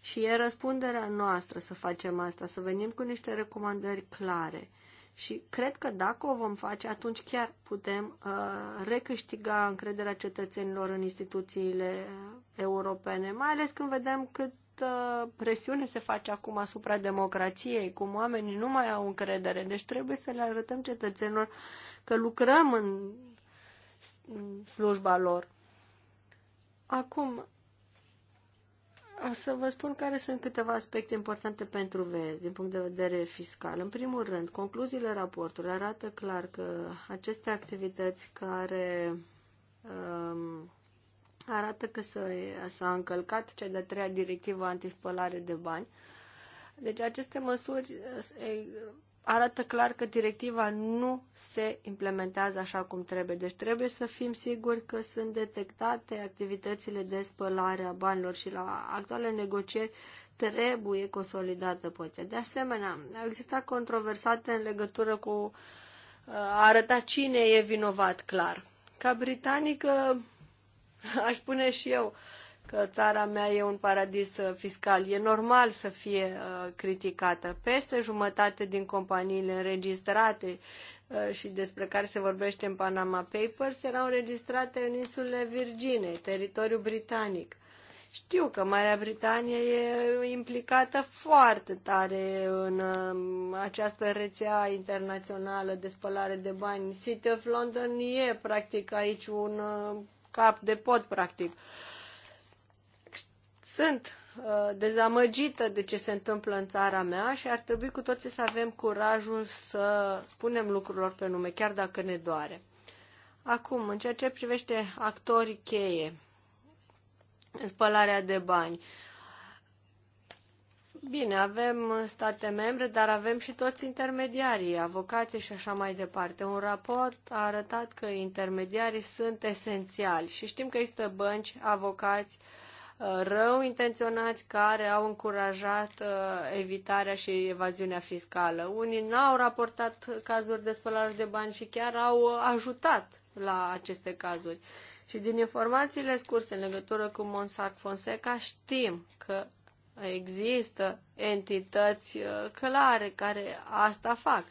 Speaker 1: Și e răspunderea noastră să facem asta, să venim cu niște recomandări clare. Și cred că dacă o vom face, atunci chiar putem uh, recâștiga încrederea cetățenilor în instituțiile europene, mai ales când vedem cât uh, presiune se face acum asupra democrației, cum oamenii nu mai au încredere. Deci trebuie să le arătăm cetățenilor că lucrăm în, în slujba lor. Acum, o să vă spun care sunt câteva aspecte importante pentru VES din punct de vedere fiscal. În primul rând, concluziile raportului arată clar că aceste activități care um, arată că s-a încălcat cea de-a treia directivă antispălare de bani, deci aceste măsuri arată clar că directiva nu se implementează așa cum trebuie. Deci trebuie să fim siguri că sunt detectate activitățile de spălare a banilor și la actuale negocieri trebuie consolidată poziția. De asemenea, au existat controversate în legătură cu uh, a arăta cine e vinovat clar. Ca britanică, aș spune și eu, uh, că țara mea e un paradis uh, fiscal. E normal să fie uh, criticată. Peste jumătate din companiile înregistrate uh, și despre care se vorbește în Panama Papers erau înregistrate în insulele Virgine, teritoriul britanic. Știu că Marea Britanie e implicată foarte tare în um, această rețea internațională de spălare de bani. City of London e practic aici un cap de pot, practic. Uh, sunt uh, dezamăgită de ce se întâmplă în țara mea și ar trebui cu toții să avem curajul să spunem lucrurilor pe nume, chiar dacă ne doare. Acum, în ceea ce privește actorii cheie, spălarea de bani, Bine, avem state membre, dar avem și toți intermediarii, avocații și așa mai departe. Un raport a arătat că intermediarii sunt esențiali și știm că există bănci, avocați, uh, rău intenționați care au încurajat uh, evitarea și evaziunea fiscală. Unii n-au raportat cazuri de spălare de bani și chiar au ajutat la aceste cazuri. Și din informațiile scurse în legătură cu Monsac Fonseca știm că există entități uh, clare care asta fac.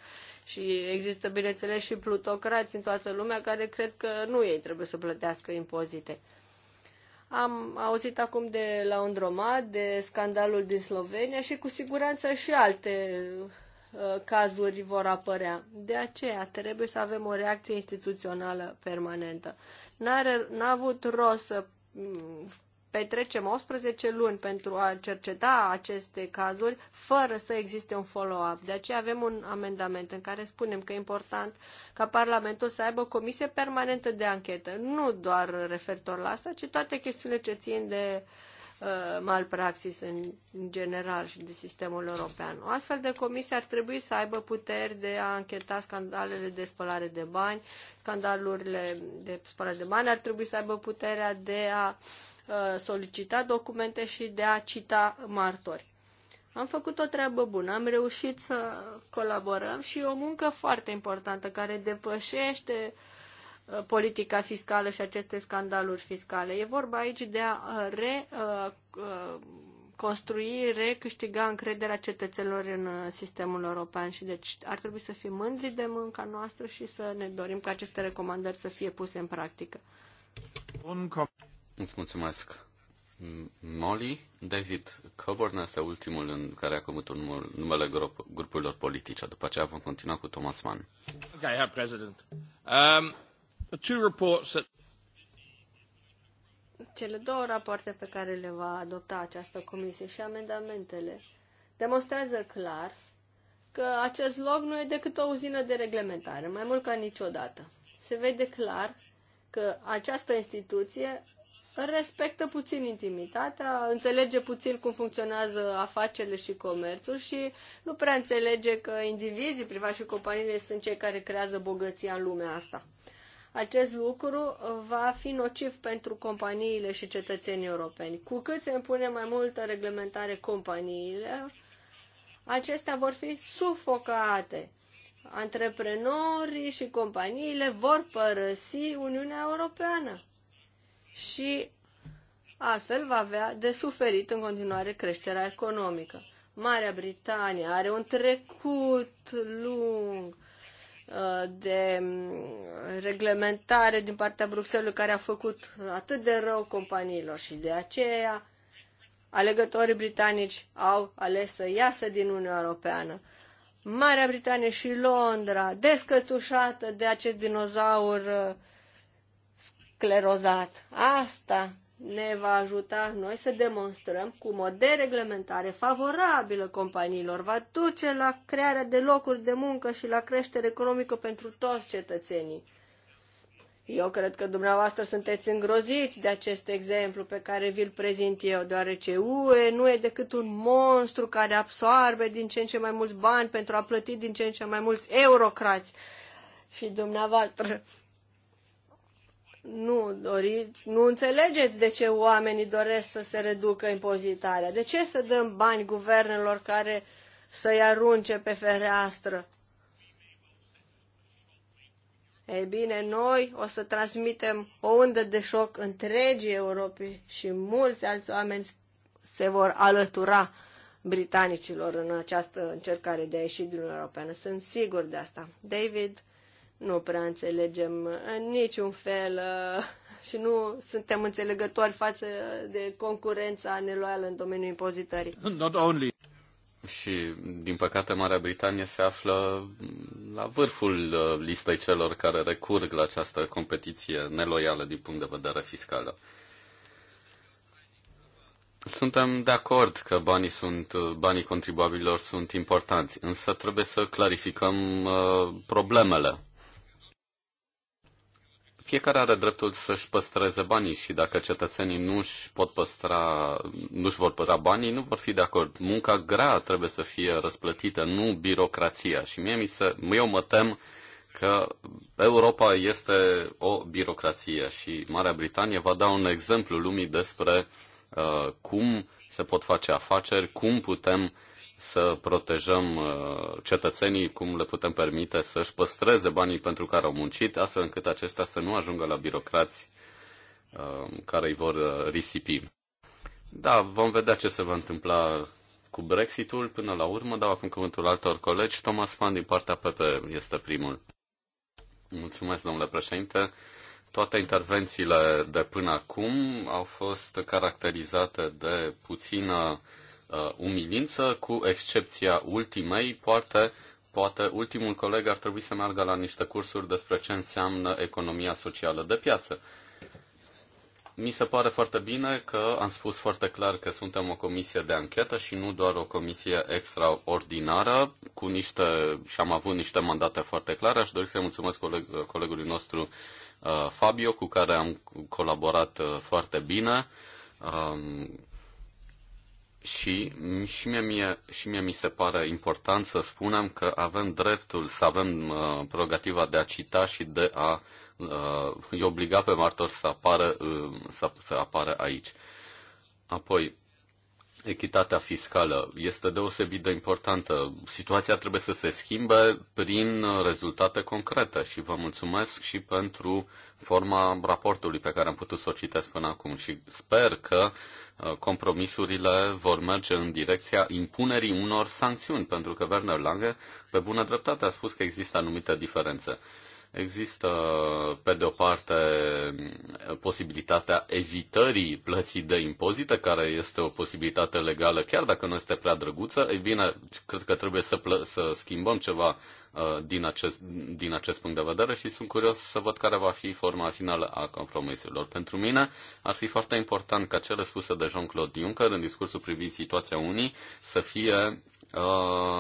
Speaker 1: Și există, bineînțeles, și plutocrați în toată lumea care cred că nu ei trebuie să plătească impozite. Am auzit acum de la dromad, de scandalul din Slovenia și cu siguranță și alte uh, cazuri vor apărea. De aceea trebuie să avem o reacție instituțională permanentă. N-a avut rost să mm, petrecem 18 luni pentru a cerceta aceste cazuri fără să existe un follow-up. De aceea avem un amendament în care spunem că e important ca Parlamentul să aibă o comisie permanentă de anchetă, nu doar referitor la asta, ci toate chestiile ce țin de uh, malpraxis în, în general și de sistemul european. O astfel de comisie ar trebui să aibă puteri de a încheta scandalele de spălare de bani, scandalurile de spălare de bani, ar trebui să aibă puterea de a uh, Uh, solicita documente și de a cita martori. Am făcut o treabă bună, am reușit să colaborăm și o muncă foarte importantă care depășește uh, politica fiscală și aceste scandaluri fiscale. E vorba aici de a reconstrui, uh, recâștiga încrederea cetățenilor în sistemul european și deci ar trebui să fim mândri de munca noastră și să ne dorim ca aceste recomandări să fie puse în practică.
Speaker 2: Îți mulțumesc. Molly, David Coburn este ultimul în care a cămut numele grup, grupurilor politice. După aceea vom continua cu Thomas Mann. Ok, Herr President. Um, two reports that...
Speaker 1: Cele două rapoarte pe care le va adopta această comisie și amendamentele demonstrează clar că acest loc nu e decât o uzină de reglementare, mai mult ca niciodată. Se vede clar că această instituție respectă puțin intimitatea, înțelege puțin cum funcționează afacerile și comerțul și nu prea înțelege că indivizii privați și companiile sunt cei care creează bogăția în lumea asta. Acest lucru va fi nociv pentru companiile și cetățenii europeni. Cu cât se impune mai multă reglementare companiile, acestea vor fi sufocate antreprenorii și companiile vor părăsi Uniunea Europeană și astfel va avea de suferit în continuare creșterea economică. Marea Britanie are un trecut lung uh, de mm, reglementare din partea Bruxelles care a făcut atât de rău companiilor și de aceea alegătorii britanici au ales să iasă din Uniunea Europeană. Marea Britanie și Londra, descătușată de acest dinozaur uh, sclerozat. Asta ne va ajuta noi să demonstrăm cum o dereglementare favorabilă companiilor va duce la crearea de locuri de muncă și la creștere economică pentru toți cetățenii. Eu cred că dumneavoastră sunteți îngroziți de acest exemplu pe care vi-l prezint eu, deoarece UE nu e decât un monstru care absoarbe din ce în ce mai mulți bani pentru a plăti din ce în ce mai mulți eurocrați. Și dumneavoastră nu doriți, nu înțelegeți de ce oamenii doresc să se reducă impozitarea. De ce să dăm bani guvernelor care să-i arunce pe fereastră? Ei bine, noi o să transmitem o undă de șoc întregii Europei și mulți alți oameni se vor alătura britanicilor în această încercare de a ieși din Europeană. Sunt sigur de asta. David nu prea înțelegem în niciun fel uh, și nu suntem înțelegători față de concurența neloială în domeniul impozitării.
Speaker 2: Not only. Și, din păcate, Marea Britanie se află la vârful uh, listei celor care recurg la această competiție neloială din punct de vedere fiscală. Suntem de acord că banii, sunt, uh, banii contribuabililor sunt importanți, însă trebuie să clarificăm uh, problemele fiecare are dreptul să-și păstreze banii și dacă cetățenii nu-și pot păstra, nu-și vor păstra banii, nu vor fi de acord. Munca grea trebuie să fie răsplătită, nu birocrația. Și mie mi se, eu mă tem că Europa este o birocrație și Marea Britanie va da un exemplu lumii despre uh, cum se pot face afaceri, cum putem uh, să protejăm uh, cetățenii cum le putem permite să-și păstreze banii pentru care au muncit, astfel încât aceștia să nu ajungă la birocrați uh, care îi vor uh, risipi. Da, vom vedea ce se va întâmpla cu Brexitul până la urmă, dau acum cuvântul altor colegi. Thomas Fan din partea PP este primul. Mulțumesc, domnule președinte. Toate intervențiile de până acum au fost caracterizate de puțină uh, uh, umilință, cu excepția ultimei, poate, poate ultimul coleg ar trebui să meargă la niște cursuri despre ce înseamnă economia socială de piață. Mi se pare foarte bine că am spus foarte clar că suntem o comisie de anchetă și nu doar o comisie extraordinară, cu niște, și am avut niște mandate foarte clare. Aș dori să-i mulțumesc coleg, colegului nostru uh, Fabio, cu care am colaborat uh, foarte bine. Um, și, și, mie, mie, și mie mi se pare important să spunem că avem dreptul să avem uh, prerogativa de a cita și de a uh, îi obliga pe martor să apară, uh, să, să apară aici. Apoi, echitatea fiscală este deosebit de importantă. Situația trebuie să se schimbe prin rezultate concrete și vă mulțumesc și pentru forma raportului pe care am putut să o citesc până acum și sper că uh, compromisurile vor merge în direcția impunerii unor sancțiuni, pentru că Werner Lange pe bună dreptate a spus că există anumite diferențe. Există, pe de o parte, posibilitatea evitării plății de impozite, care este o posibilitate legală, chiar dacă nu este prea drăguță. Ei bine, cred că trebuie să, plă- să schimbăm ceva uh, din, acest, din acest punct de vedere și sunt curios să văd care va fi forma finală a compromisurilor. Pentru mine ar fi foarte important ca cele spuse de Jean-Claude Juncker în discursul privind situația unii să fie susținută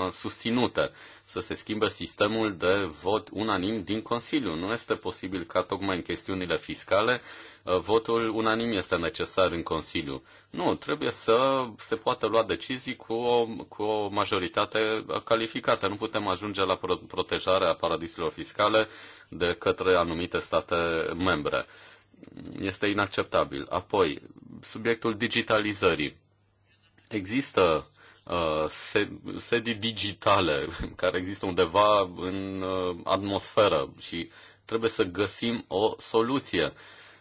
Speaker 2: uh, susținute, să se schimbe sistemul de vot unanim din Consiliu. Nu este posibil ca tocmai în chestiunile fiscale uh, votul unanim este necesar în Consiliu. Nu, trebuie să se poată lua decizii cu o, cu o majoritate calificată. Nu putem ajunge la pro- protejarea paradisurilor fiscale de către anumite state membre. Este inacceptabil. Apoi, subiectul digitalizării. Există Uh, sedii digitale care există undeva în uh, atmosferă și trebuie să găsim o soluție.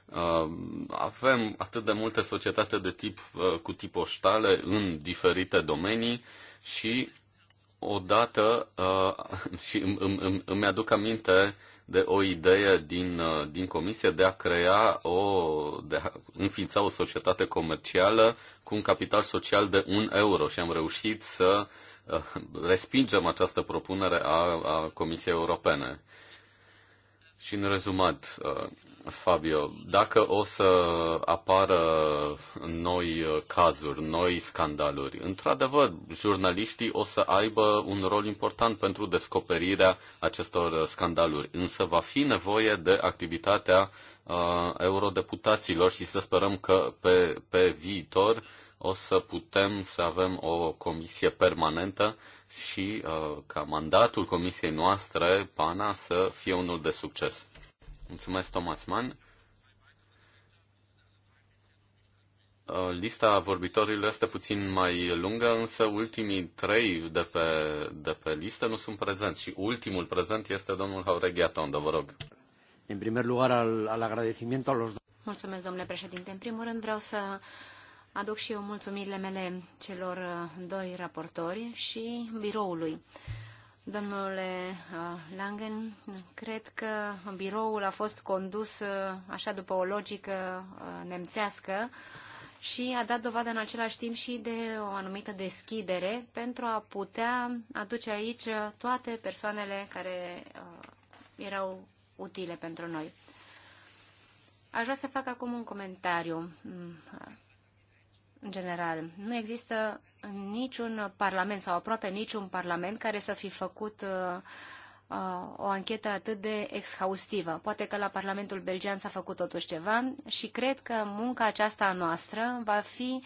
Speaker 2: Uh, avem atât de multe societate de tip cu tip oștale în diferite domenii și odată uh, și îmi, îmi, îmi aduc aminte de o idee din, uh, din comisie de a crea o, de a înființa o societate comercială cu un capital social de un euro și am reușit să uh, respingem această propunere a, a Comisiei Europene. Uh, și în rezumat, uh, Fabio, dacă o să apară noi uh, cazuri, noi scandaluri, într-adevăr, jurnaliștii o să aibă un rol important pentru descoperirea acestor uh, scandaluri, însă va fi nevoie de activitatea uh, eurodeputaților și să sperăm că pe, pe viitor o să putem să avem o comisie permanentă și uh, ca mandatul comisiei noastre, PANA, să fie unul de succes. Mulțumesc, Thomas Mann. Uh, lista vorbitorilor este puțin mai lungă, însă ultimii trei de pe, de pe listă nu sunt prezenți și ultimul prezent este domnul Haureghi Atondo, vă rog.
Speaker 3: În primul rând, al, al agradecimiento a los... Mulțumesc, domnule președinte. În primul rând vreau să aduc și eu mulțumirile mele celor uh, doi raportori și biroului. Domnule uh, Langen, cred că biroul a fost condus uh, așa după o logică nemțească și a dat dovadă în același timp și de o anumită deschidere pentru a putea aduce aici toate persoanele care erau utile pentru noi. Aș vrea să fac acum un comentariu mm, în general. Nu există niciun parlament sau aproape niciun parlament care să fi făcut uh, uh, o anchetă atât de exhaustivă. Poate că la Parlamentul Belgian s-a făcut totuși ceva și cred că munca aceasta a noastră va fi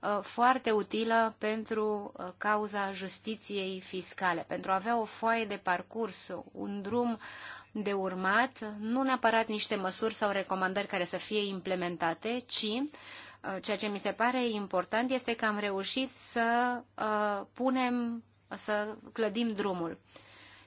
Speaker 3: uh, foarte utilă pentru cauza justiției fiscale, pentru a avea o foaie de parcurs, un drum de urmat, nu neapărat niște măsuri sau recomandări care să fie implementate, ci Uh, ceea ce mi se pare important este că am reușit să uh, punem, să clădim drumul.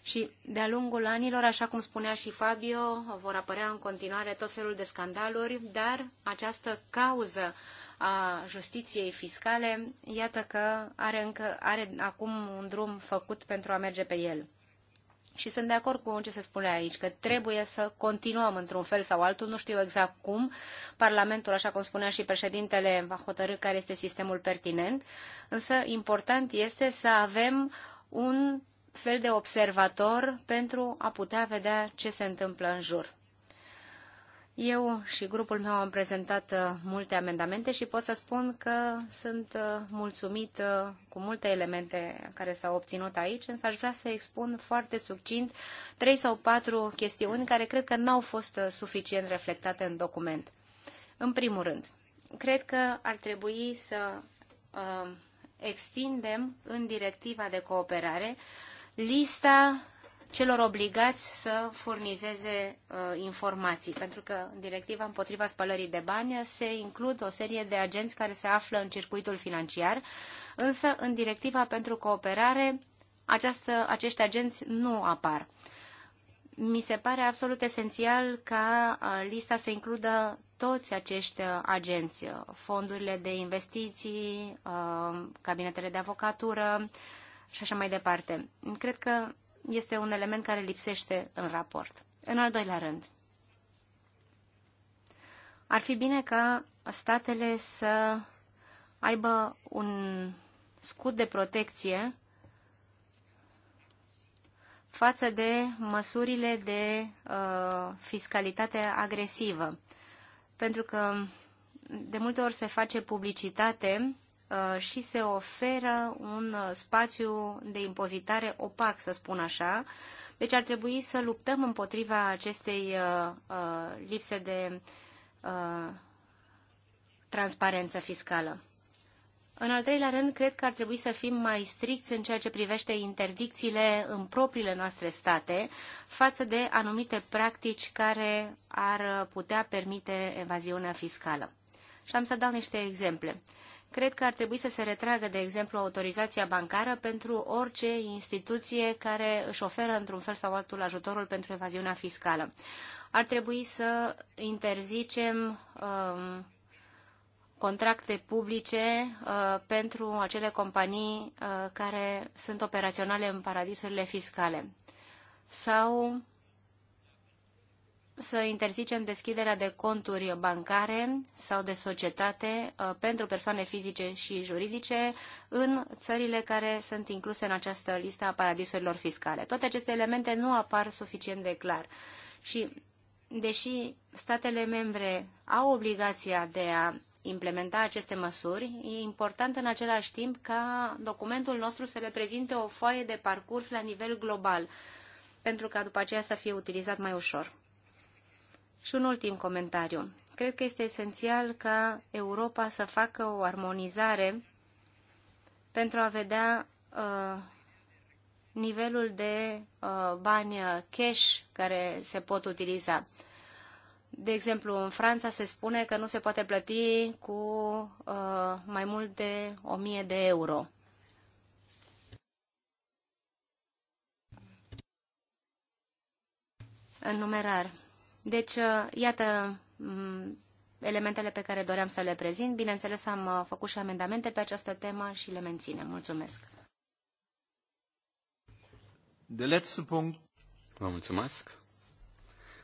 Speaker 3: Și de-a lungul anilor, așa cum spunea și Fabio, vor apărea în continuare tot felul de scandaluri, dar această cauză a justiției fiscale, iată că are, încă, are acum un drum făcut pentru a merge pe el. Și sunt de acord cu ce se spune aici, că trebuie să continuăm într-un fel sau altul, nu știu exact cum. Parlamentul, așa cum spunea și președintele, va hotărâ care este sistemul pertinent, însă important este să avem un fel de observator pentru a putea vedea ce se întâmplă în jur. Eu și grupul meu am prezentat uh, multe amendamente și pot să spun că sunt uh, mulțumit uh, cu multe elemente care s-au obținut aici, însă aș vrea să expun foarte succint trei sau patru chestiuni care cred că n-au fost suficient reflectate în document. În primul rând, cred că ar trebui să extindem în directiva de cooperare lista celor obligați să furnizeze uh, informații, pentru că în directiva împotriva spălării de bani se includ o serie de agenți care se află în circuitul financiar, însă în directiva pentru cooperare această, acești agenți nu apar. Mi se pare absolut esențial ca uh, lista să includă toți acești uh, agenți, uh, fondurile de investiții, cabinetele de avocatură și așa mai departe. Cred că este un element care lipsește în raport. În al doilea rând, ar fi bine ca statele să aibă un scut de protecție față de măsurile de uh, fiscalitate agresivă. Pentru că de multe ori se face publicitate Uh, și se oferă un uh, spațiu de impozitare opac, să spun așa. Deci ar trebui să luptăm împotriva acestei uh, lipse de transparență fiscală. În al treilea rând, cred că ar trebui să fim mai stricți în ceea ce privește interdicțiile în propriile noastre state față de anumite practici care ar putea permite evaziunea fiscală. Și am să dau niște exemple cred că ar trebui să se retragă, de exemplu, autorizația bancară pentru orice instituție care își oferă într-un fel sau altul ajutorul pentru evaziunea fiscală. Ar trebui să interzicem um, contracte publice uh, pentru acele companii uh, care sunt operaționale în paradisurile fiscale sau să interzicem deschiderea de conturi bancare sau de societate uh, pentru persoane fizice și juridice în țările care sunt incluse în această listă a paradisurilor fiscale. Toate aceste elemente nu apar suficient de clar. Și deși statele membre au obligația de a implementa aceste măsuri, e important în același timp ca documentul nostru să reprezinte o foaie de parcurs la nivel global, pentru ca după aceea să fie utilizat mai ușor. Și un ultim comentariu. Cred că este esențial ca Europa să facă o armonizare pentru a vedea uh, nivelul de uh, bani cash care se pot utiliza. De exemplu, în Franța se spune că nu se poate plăti cu uh, mai mult de 1000 de euro. În numerar. Deci, uh, iată mm, elementele pe care doream să le prezint. Bineînțeles, am uh, făcut și amendamente pe această temă și le menținem. Mulțumesc. De letzte punct.
Speaker 2: Vă mulțumesc.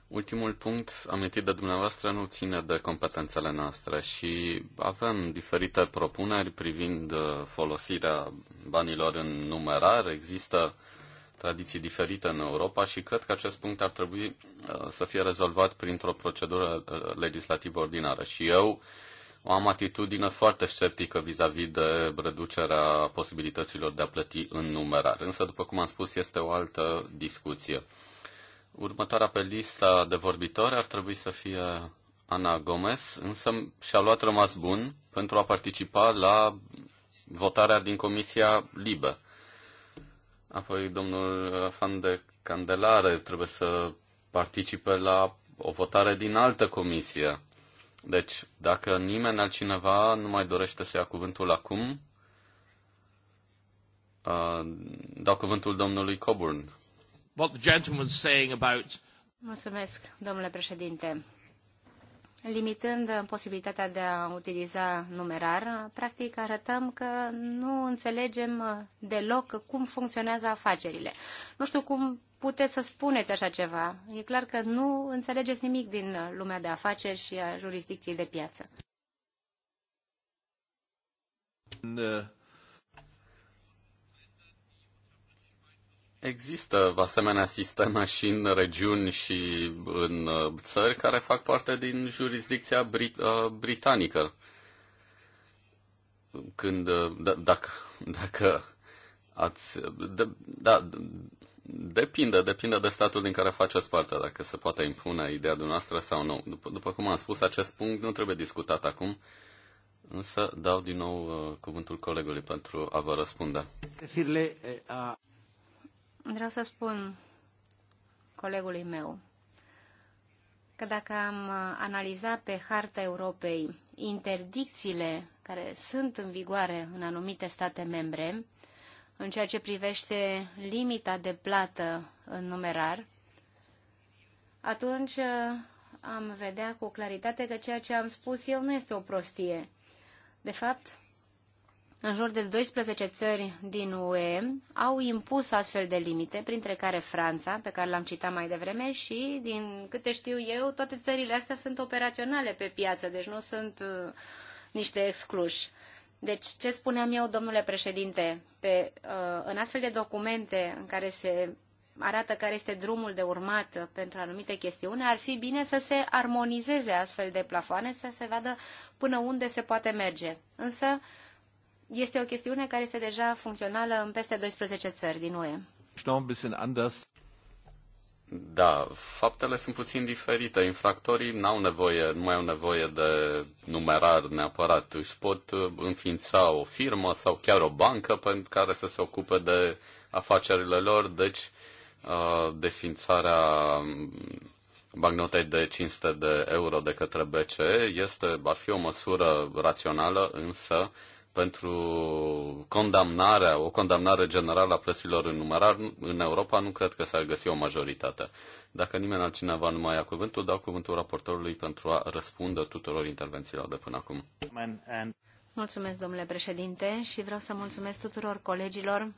Speaker 2: Ultimul punct amintit de dumneavoastră nu ține de competențele noastre și avem diferite propuneri privind uh, folosirea banilor în numerar. Există uh, tradiții diferite în Europa și cred că acest punct ar trebui uh, să fie rezolvat printr-o procedură uh, legislativă ordinară. Și eu am atitudine foarte sceptică vis-a-vis -vis de reducerea posibilităților de a plăti în numerar. Însă, după cum am spus, este o altă discuție. Următoarea pe lista de vorbitori ar trebui să fie Ana Gomez, însă și-a luat rămas bun pentru a participa la votarea din Comisia Libe. Apoi domnul Fan uh, de Candelare trebuie să participe la o votare din altă comisie. Deci, dacă nimeni altcineva nu mai dorește să ia cuvântul acum, uh, dau cuvântul domnului Coburn. What the gentleman's saying about...
Speaker 3: Mulțumesc, domnule președinte limitând posibilitatea de a utiliza numerar, practic arătăm că nu înțelegem deloc cum funcționează afacerile. Nu știu cum puteți să spuneți așa ceva. E clar că nu înțelegeți nimic din lumea de afaceri și a jurisdicției de piață.
Speaker 2: Uh, Există asemenea sisteme și în regiuni și în uh, țări care fac parte din jurisdicția brit- uh, britanică. Când, uh, dacă, dacă ați, de, da, depinde, depinde de statul din care faceți parte, dacă se poate impune ideea dumneavoastră sau nu. După, după cum am spus, acest punct nu trebuie discutat acum, însă dau din nou uh, cuvântul colegului pentru a vă răspunde
Speaker 3: vreau să spun colegului meu că dacă am analizat pe harta Europei interdicțiile care sunt în vigoare în anumite state membre, în ceea ce privește limita de plată în numerar, atunci uh, am vedea cu claritate că ceea ce am spus eu nu este o prostie. De fapt, în jur de 12 țări din UE au impus astfel de limite, printre care Franța, pe care l-am citat mai devreme, și, din câte știu eu, toate țările astea sunt operaționale pe piață, deci nu sunt uh, niște excluși. Deci, ce spuneam eu, domnule președinte, pe, uh, în astfel de documente în care se arată care este drumul de urmat pentru anumite chestiuni, ar fi bine să se armonizeze astfel de plafoane, să se vadă până unde se poate merge. Însă, uh, este o chestiune care este deja funcțională în peste 12 țări din UE.
Speaker 2: Da, faptele sunt puțin diferite. Infractorii n-au nevoie, nu mai au nevoie de numerar neapărat. Își pot uh, înființa o firmă sau chiar o bancă pentru care să se ocupe de afacerile lor, deci uh, desfințarea bagnotei de 500 de euro de către BCE este, ar fi o măsură rațională, însă uh, pentru condamnarea, o condamnare generală a plăților în numerar, în Europa nu cred că s-ar găsi o majoritate. Dacă nimeni altcineva nu mai ia cuvântul, dau cuvântul raportorului pentru a răspunde tuturor intervențiilor de până acum.
Speaker 3: Mulțumesc, domnule președinte, și vreau să mulțumesc tuturor colegilor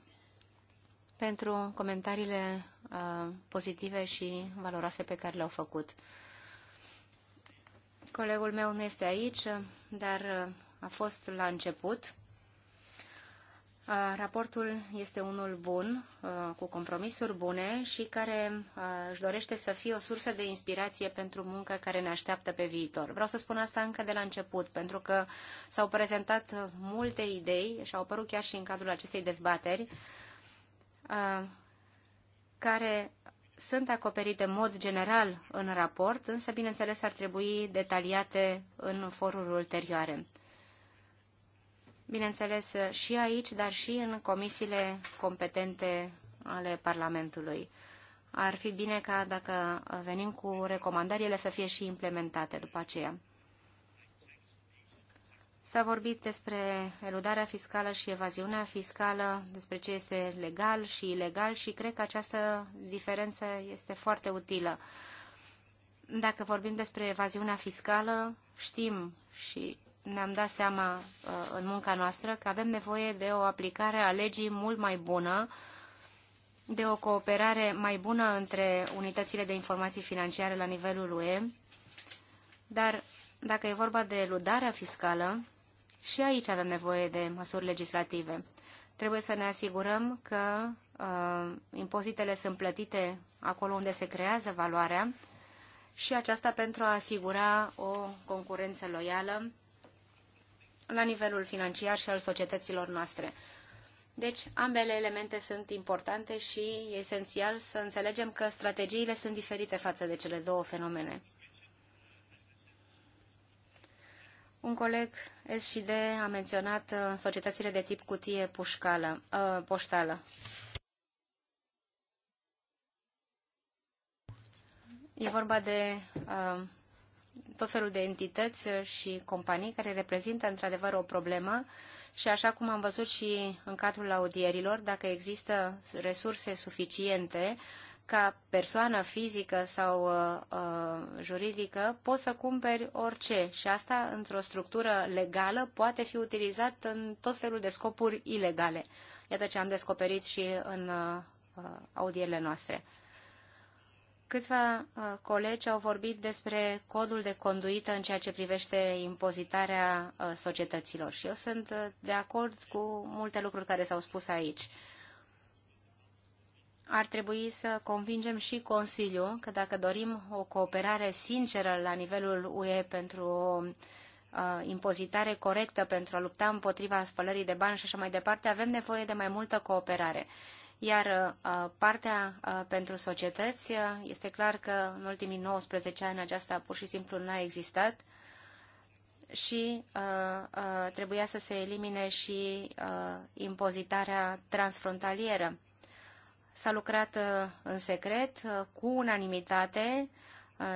Speaker 3: pentru comentariile uh, pozitive și valoroase pe care le-au făcut. Colegul meu nu este aici, dar uh, a fost la început. Raportul este unul bun, cu compromisuri bune și care își dorește să fie o sursă de inspirație pentru munca care ne așteaptă pe viitor. Vreau să spun asta încă de la început, pentru că s-au prezentat multe idei și au apărut chiar și în cadrul acestei dezbateri, care sunt acoperite în mod general în raport, însă, bineînțeles, ar trebui detaliate în foruri ulterioare bineînțeles, uh, și aici, dar și în comisiile competente ale Parlamentului. Ar fi bine ca dacă venim cu recomandări, ele să fie și implementate după aceea. S-a vorbit despre eludarea fiscală și evaziunea fiscală, despre ce este legal și ilegal și cred că această diferență este foarte utilă. Dacă vorbim despre evaziunea fiscală, știm și ne-am dat seama uh, în munca noastră că avem nevoie de o aplicare a legii mult mai bună, de o cooperare mai bună între unitățile de informații financiare la nivelul UE, dar dacă e vorba de eludarea fiscală, și aici avem nevoie de măsuri legislative. Trebuie să ne asigurăm că uh, impozitele sunt plătite acolo unde se creează valoarea și aceasta pentru a asigura o concurență loială la nivelul financiar și al societăților noastre. Deci, ambele elemente sunt importante și e esențial să înțelegem că strategiile sunt diferite față de cele două fenomene. Un coleg SD a menționat uh, societățile de tip cutie pușcală, uh, poștală. E vorba de uh, tot felul de entități și companii care reprezintă într-adevăr o problemă și așa cum am văzut și în cadrul audierilor, dacă există resurse suficiente ca persoană fizică sau uh, uh juridică, poți să cumperi orice și asta într-o structură legală poate fi utilizat în tot felul de scopuri ilegale. Iată ce am descoperit și în uh, uh audierile noastre. Câțiva uh, colegi au vorbit despre codul de conduită în ceea ce privește impozitarea uh, societăților și eu sunt uh, de acord cu multe lucruri care s-au spus aici. Ar trebui să convingem și Consiliul că dacă dorim o cooperare sinceră la nivelul UE pentru o impozitare corectă pentru a lupta împotriva spălării de bani și așa mai departe, avem nevoie de mai multă cooperare. Iar uh, partea uh, pentru societăți, uh, este clar că în ultimii 19 ani aceasta pur și simplu n-a existat și trebuia să se elimine și impozitarea transfrontalieră. S-a lucrat în secret, cu unanimitate,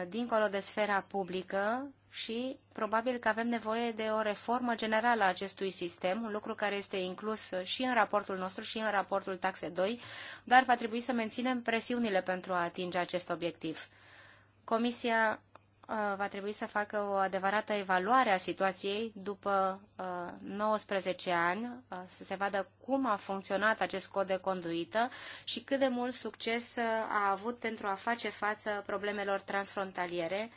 Speaker 3: dincolo de sfera publică, și probabil că avem nevoie de o reformă generală a acestui sistem, un lucru care este inclus și în raportul nostru și în raportul taxe 2, dar va trebui să menținem presiunile pentru a atinge acest obiectiv. Comisia uh, va trebui să facă o adevărată evaluare a situației după 19 uh, ani, uh, să se vadă cum a funcționat acest cod de conduită și cât de mult succes a avut pentru a face față problemelor transfrontaliere,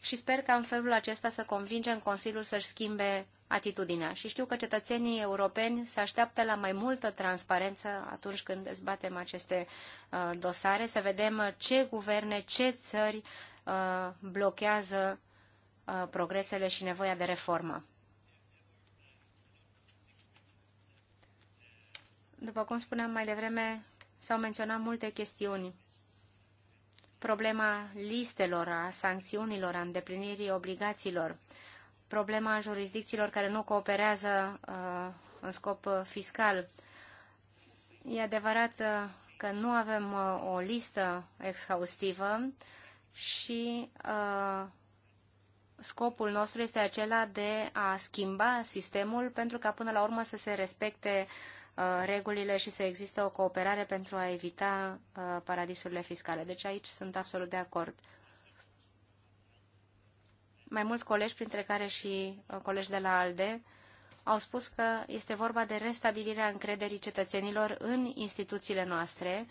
Speaker 3: și sper că în felul acesta să convingem Consiliul să-și schimbe atitudinea. Și știu că cetățenii europeni se așteaptă la mai multă transparență atunci când dezbatem aceste uh, dosare, să vedem ce guverne, ce țări uh, blochează uh, progresele și nevoia de reformă. După cum spuneam mai devreme, s-au menționat multe chestiuni problema listelor, a sancțiunilor, a îndeplinirii obligațiilor, problema jurisdicțiilor care nu cooperează uh, în scop uh, fiscal. E adevărat uh, că nu avem uh, o listă exhaustivă și uh, scopul nostru este acela de a schimba sistemul pentru ca până la urmă să se respecte uh, Uh, regulile și să există o cooperare pentru a evita uh, paradisurile fiscale. Deci aici sunt absolut de acord. Mai mulți colegi, printre care și uh, colegi de la ALDE, au spus că este vorba de restabilirea încrederii cetățenilor în instituțiile noastre,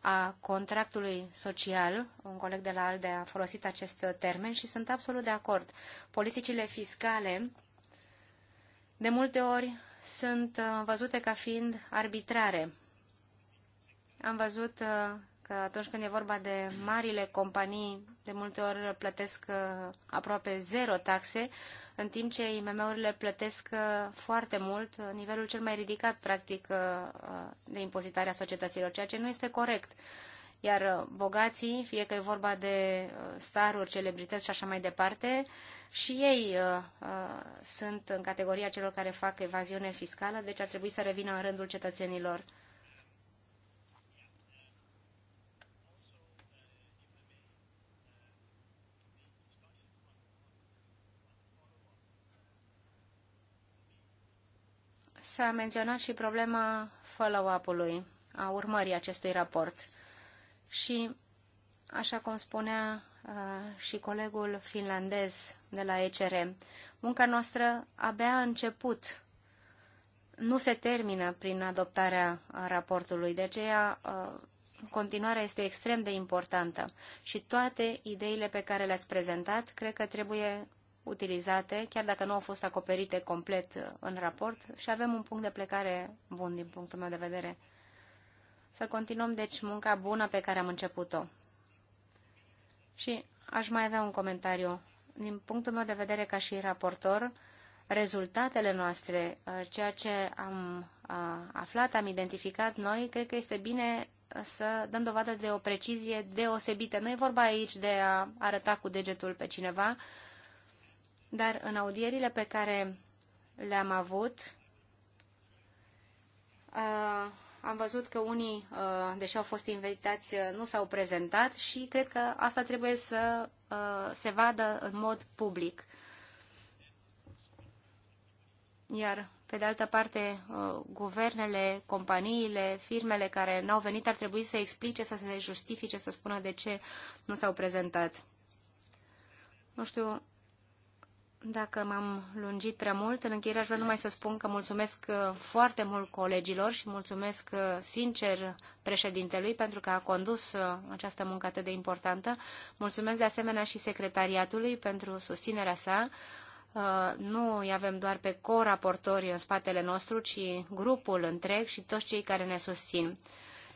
Speaker 3: a contractului social, un coleg de la ALDE a folosit acest termen și sunt absolut de acord. Politicile fiscale de multe ori sunt uh, văzute ca fiind arbitrare. Am văzut uh, că atunci când e vorba de marile companii, de multe ori plătesc uh, aproape zero taxe, în timp ce IMM-urile plătesc foarte mult, nivelul cel mai ridicat, practic, de impozitare a societăților, ceea ce nu este corect. Iar uh, bogații, fie că e vorba de uh, staruri, celebrități și așa mai departe, și ei uh, uh, sunt în categoria celor care fac evaziune fiscală, deci ar trebui să revină în rândul cetățenilor. S-a menționat și problema follow-up-ului, a urmării acestui raport și, așa cum spunea uh, și colegul finlandez de la ECR, munca noastră abia a început. Nu se termină prin adoptarea raportului, de aceea uh, continuarea este extrem de importantă și toate ideile pe care le-ați prezentat cred că trebuie utilizate, chiar dacă nu au fost acoperite complet uh, în raport și avem un punct de plecare bun din punctul meu de vedere. Să continuăm, deci, munca bună pe care am început-o. Și aș mai avea un comentariu. Din punctul meu de vedere, ca și raportor, rezultatele noastre, uh, ceea ce am uh, aflat, am identificat noi, cred că este bine uh, să dăm dovadă de o precizie deosebită. Nu e vorba aici de a arăta cu degetul pe cineva, dar în audierile pe care le-am avut, am văzut că unii, uh, deși au fost invitați, uh, nu s-au prezentat și cred că asta trebuie să uh, se vadă în mod public. Iar, pe de altă parte, guvernele, companiile, firmele care n-au venit ar trebui să explice, să se justifice, să spună de ce nu s-au prezentat. Nu știu dacă m-am lungit prea mult, în încheiere aș vrea numai să spun că mulțumesc uh, foarte mult colegilor și mulțumesc uh, sincer președintelui pentru că a condus uh, această muncă atât de importantă. Mulțumesc de asemenea și secretariatului pentru susținerea sa. Nu îi avem doar pe co-raportori în spatele nostru, ci grupul întreg și toți cei care ne susțin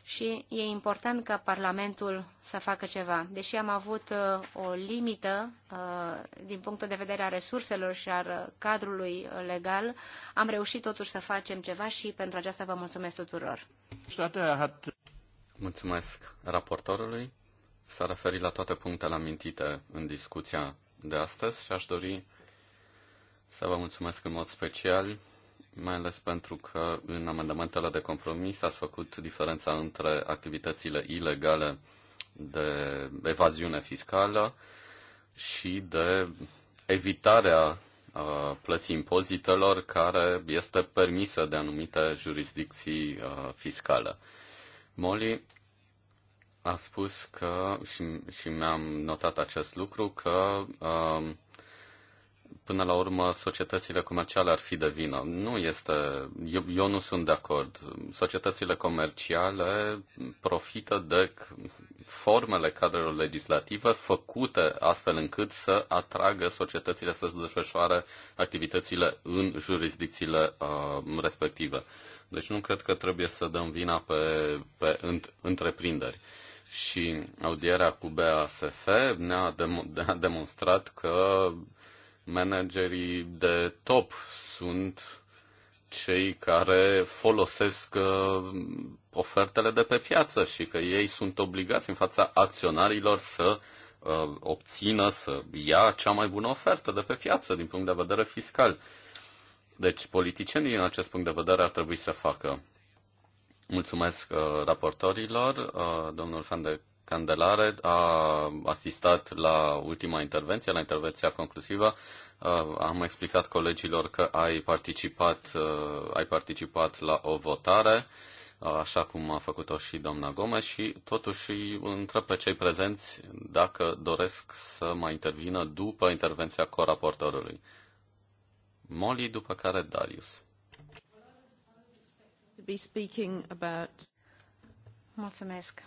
Speaker 3: și e important ca Parlamentul să facă ceva. Deși am avut uh, o limită uh, din punctul de vedere a resurselor și al uh, cadrului legal, am reușit totuși să facem ceva și pentru aceasta vă mulțumesc tuturor.
Speaker 2: Mulțumesc raportorului. S-a referit la toate punctele amintite în discuția de astăzi și aș dori să vă mulțumesc în mod special mai ales pentru că în amendamentele de compromis ați făcut diferența între activitățile ilegale de evaziune fiscală și de evitarea uh, plății impozitelor care este permisă de anumite jurisdicții uh, fiscale. Molly a spus că, și, și mi-am notat acest lucru, că uh, până la urmă societățile comerciale ar fi de vină. Nu este, eu, eu nu sunt de acord. Societățile comerciale profită de formele cadrelor legislative făcute astfel încât să atragă societățile să desfășoare activitățile în jurisdicțiile uh, respective. Deci nu cred că trebuie să dăm vina pe, pe întreprinderi și audierea cu BASF ne-a, dem- ne-a demonstrat că Managerii de top sunt cei care folosesc uh, ofertele de pe piață și că ei sunt obligați în fața acționarilor să uh, obțină, să ia cea mai bună ofertă de pe piață din punct de vedere fiscal. Deci politicienii din acest punct de vedere ar trebui să facă. Mulțumesc uh, raportorilor, domnul Fan Candelare a asistat la ultima intervenție, la intervenția conclusivă. Uh, am explicat colegilor că ai participat, uh, ai participat la o votare, uh, așa cum a făcut-o și doamna Gomes și totuși întreb pe cei prezenți dacă doresc să mai intervină după intervenția coraportorului. Molly, după care Darius.
Speaker 3: Mulțumesc.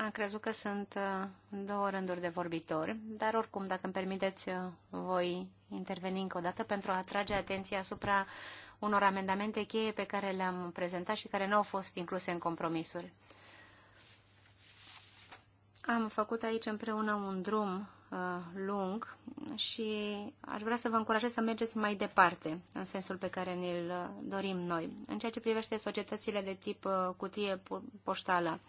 Speaker 3: Am crezut că sunt uh, două rânduri de vorbitori, dar oricum, dacă îmi permiteți, uh, voi interveni încă o dată pentru a atrage atenția asupra unor amendamente cheie pe care le-am prezentat și care nu au fost incluse în compromisuri. Am făcut aici împreună un drum uh, lung și aș vrea să vă încurajez să mergeți mai departe în sensul pe care ne-l uh, dorim noi, în ceea ce privește societățile de tip uh, cutie poștală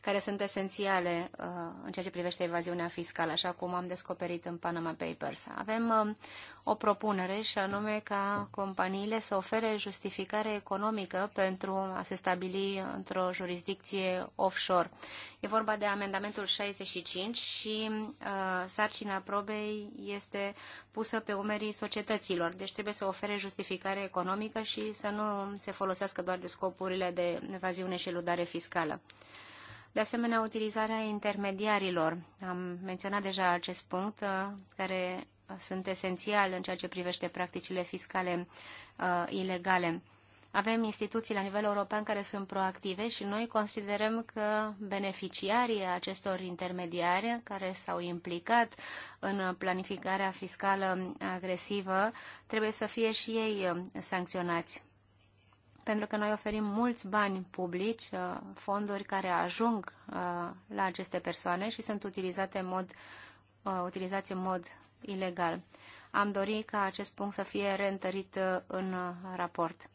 Speaker 3: care sunt esențiale uh, în ceea ce privește evaziunea fiscală, așa cum am descoperit în Panama Papers. Avem uh, o propunere și anume ca companiile să ofere justificare economică pentru a se stabili într-o jurisdicție offshore. E vorba de amendamentul 65 și uh, sarcina probei este pusă pe umerii societăților, deci trebuie să ofere justificare economică și să nu se folosească doar de scopurile de evaziune și eludare fiscală. De asemenea, utilizarea intermediarilor. Am menționat deja acest punct, uh, care sunt esențial în ceea ce privește practicile fiscale uh, ilegale. Avem instituții la nivel european care sunt proactive și noi considerăm că beneficiarii acestor intermediari care s-au implicat în planificarea fiscală agresivă trebuie să fie și ei uh, sancționați pentru că noi oferim mulți bani publici, uh, fonduri care ajung uh, la aceste persoane și sunt utilizate în mod, uh, utilizați în mod ilegal. Am dorit ca acest punct să fie reîntărit în raport.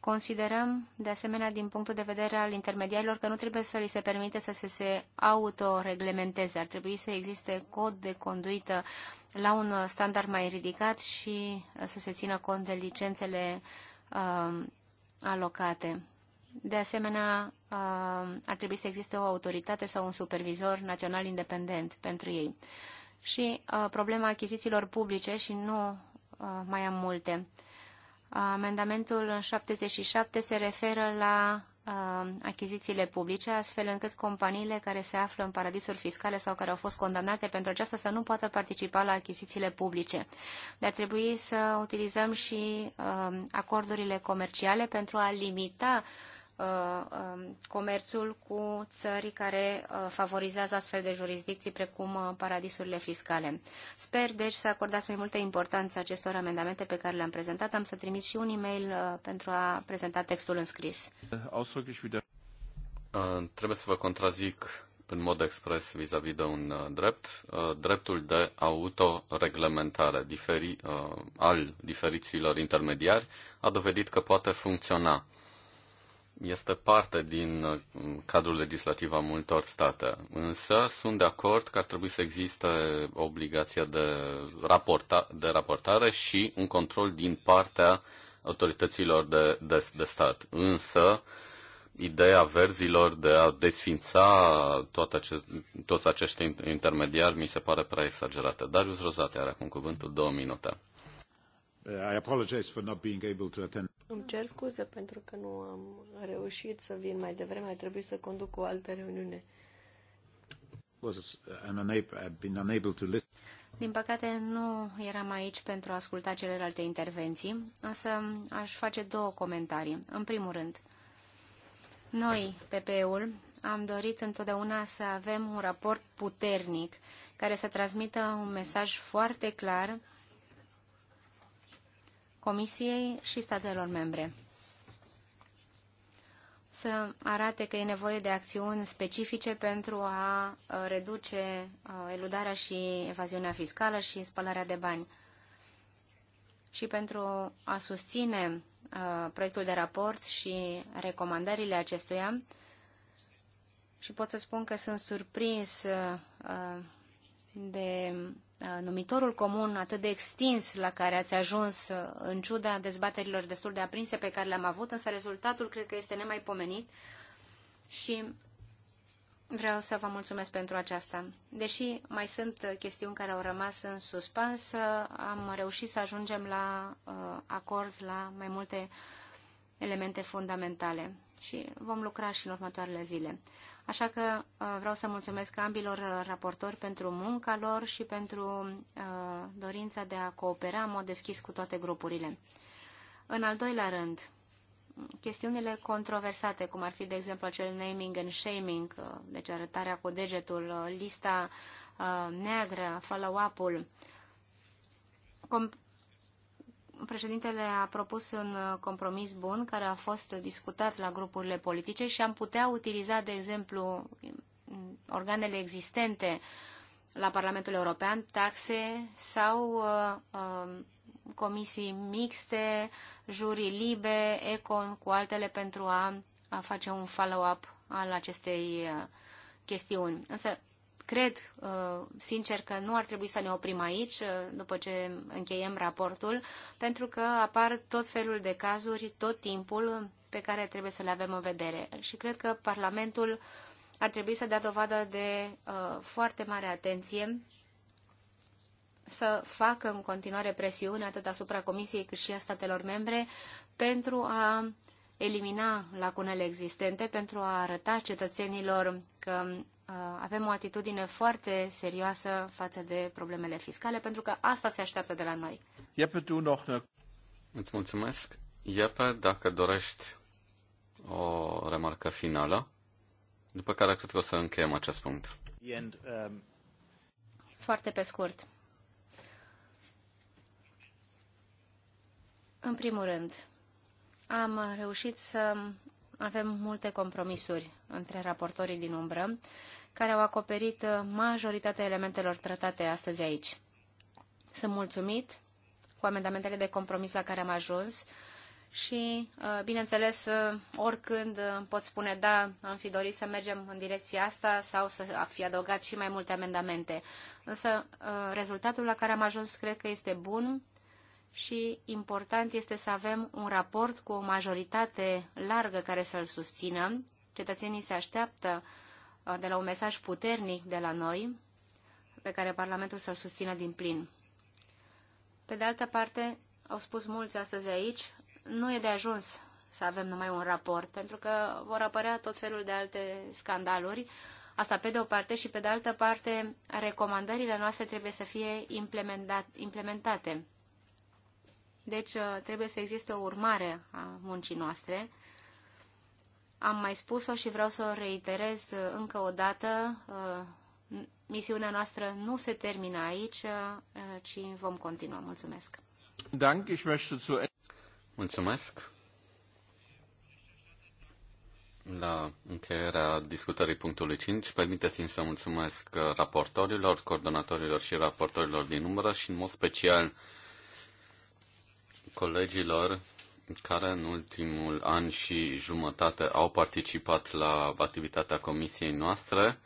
Speaker 3: Considerăm, de asemenea, din punctul de vedere al intermediarilor, că nu trebuie să li se permite să se, se autoreglementeze. Ar trebui să existe cod de conduită la un standard mai ridicat și să se țină cont de licențele uh, alocate. De asemenea, uh, ar trebui să existe o autoritate sau un supervizor național independent pentru ei. Și uh, problema achizițiilor publice și nu uh, mai am multe. Amendamentul 77 se referă la Uh, achizițiile publice, astfel încât companiile care se află în paradisuri fiscale sau care au fost condamnate pentru aceasta să nu poată participa la achizițiile publice. Dar trebui să utilizăm și uh, acordurile comerciale pentru a limita uh, Uh, um, comerțul cu țări care uh, favorizează astfel de jurisdicții precum uh, paradisurile fiscale. Sper deci să acordați mai multă importanță acestor amendamente pe care le-am prezentat. Am să trimit și un e-mail pentru a prezenta textul în scris.
Speaker 2: Trebuie să vă contrazic în mod expres vis-a-vis de un drept, dreptul de autoreglementare diferi, al diferiților intermediari a dovedit că poate funcționa este parte din uh, cadrul legislativ a multor state, însă sunt de acord că ar trebui să existe obligația de, raporta, de raportare și un control din partea autorităților de, de, de stat. Însă, ideea verzilor de a desfința toate acest, toți acești intermediari mi se pare prea exagerată. Darius Rozate are acum cuvântul două minute.
Speaker 3: Uh, I apologize for not being able to attend.
Speaker 2: Îmi cer scuze pentru că nu am
Speaker 1: reușit să vin mai devreme, a trebuit să conduc o altă reuniune.
Speaker 3: Uh, uh, Din păcate nu eram aici pentru a asculta celelalte intervenții, însă aș face două comentarii. În primul rând, noi, pp ul am dorit întotdeauna să avem un raport puternic care să transmită un mesaj foarte clar Comisiei și statelor membre. Să arate că e nevoie de acțiuni specifice pentru a uh, reduce uh, eludarea și evaziunea fiscală și spălarea de bani. Și pentru a susține uh, proiectul de raport și recomandările acestuia, și pot să spun că sunt surprins de Uh, numitorul comun atât de extins la care ați ajuns uh, în ciuda dezbaterilor destul de aprinse pe care le-am avut, însă rezultatul cred că este nemaipomenit și vreau să vă mulțumesc pentru aceasta. Deși mai sunt uh, chestiuni care au rămas în suspans, am reușit să ajungem la acord la mai multe elemente fundamentale și vom lucra și în următoarele zile. Așa că uh, vreau să mulțumesc ambilor uh, raportori pentru munca lor și pentru uh, dorința de a coopera în mod deschis cu toate grupurile. În al doilea rând, chestiunile controversate, cum ar fi, de exemplu, acel naming and shaming, deci arătarea cu degetul, lista neagră, follow-up-ul, președintele a propus un compromis bun care a fost discutat la grupurile politice și am putea utiliza, de exemplu, organele existente la Parlamentul European, taxe sau uh, uh, comisii mixte, jurii libe, econ cu altele pentru a, a face un follow-up al acestei uh, chestiuni. Însă cred uh, sincer că nu ar trebui să ne oprim aici uh, după ce încheiem raportul, pentru că apar tot felul de cazuri tot timpul pe care trebuie să le avem în vedere. Și cred că Parlamentul ar trebui să dea dovadă de uh, foarte mare atenție să facă în continuare presiune atât asupra Comisiei cât și a statelor membre pentru a elimina lacunele existente, pentru a arăta cetățenilor că Uh, avem o atitudine foarte serioasă față de problemele fiscale, pentru că asta se așteaptă de la noi.
Speaker 2: Iepe, tu noch Îți mulțumesc. Iepe, dacă dorești o remarcă finală, după care cred că o să încheiem acest punct. And, um...
Speaker 3: Foarte pe scurt. În primul rând, am reușit să avem multe compromisuri între raportorii din umbră, care au acoperit uh, majoritatea elementelor tratate astăzi aici. Sunt mulțumit cu amendamentele de compromis la care am ajuns și, uh, bineînțeles, uh, oricând pot spune da, am fi dorit să mergem în direcția asta sau să fi adăugat și mai multe amendamente. Însă rezultatul la care am ajuns cred că este bun și important este să avem un raport cu o majoritate largă care să-l susțină. Cetățenii se așteaptă uh, de la un mesaj puternic de la noi, pe care Parlamentul să-l susțină din plin. Pe de altă parte, au spus mulți astăzi aici, nu e de ajuns să avem numai un raport, pentru că vor apărea tot felul de alte scandaluri. Asta pe de o parte și pe de altă parte, recomandările noastre trebuie să fie implementate. Deci uh, trebuie să existe o urmare a muncii noastre. Am mai spus-o și vreau să o reiterez uh, încă o dată. Uh, misiunea noastră nu se termină aici, ci vom continua. Mulțumesc!
Speaker 2: Mulțumesc! La încheierea discutării punctului 5, permiteți-mi să mulțumesc raportorilor, coordonatorilor și raportorilor din umbră și în mod special colegilor care în ultimul an și jumătate au participat la activitatea comisiei noastre.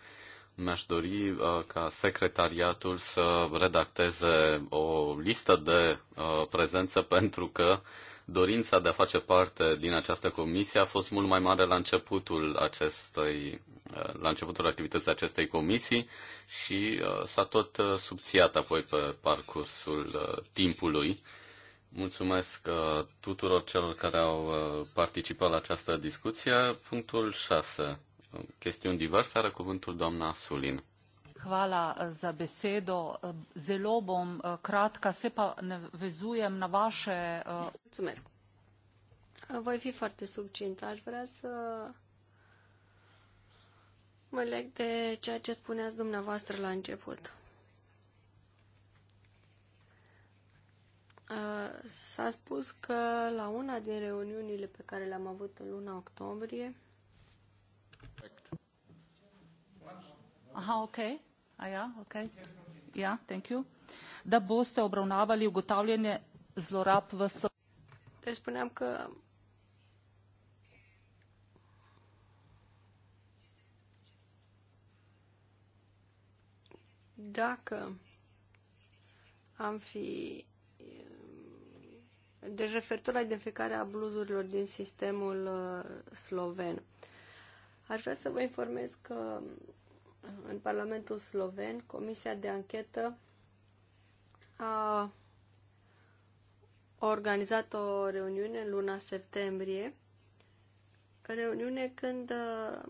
Speaker 2: Mi-aș dori uh, ca secretariatul să redacteze o listă de uh, prezență pentru că dorința de a face parte din această comisie a fost mult mai mare la începutul acestei uh, la începutul activității acestei comisii și uh, s-a tot uh, subțiat apoi pe parcursul timpului. Mulțumesc uh, tuturor celor care au uh, participat la această discuție. Punctul 6. Chestiuni diverse are cuvântul doamna Sulin.
Speaker 1: Hvala uh, za besedo. Zelo bom kratka, se pa vezujem na vaše... Mulțumesc. Voi fi foarte succintă. Aș vrea să mă leg de ceea ce spuneați dumneavoastră la început. S-a spus că la una din reuniunile pe care le-am avut în luna octombrie. Aha, ok. aia, ok. Ja, thank you. Da boste obravnavali ugotavljanje zlorab v Deci spuneam că dacă am fi deci referitor la identificarea abuzurilor din sistemul uh, sloven. Aș vrea să vă informez că uh, în Parlamentul sloven, Comisia de Anchetă a organizat o reuniune în luna septembrie, reuniune când uh,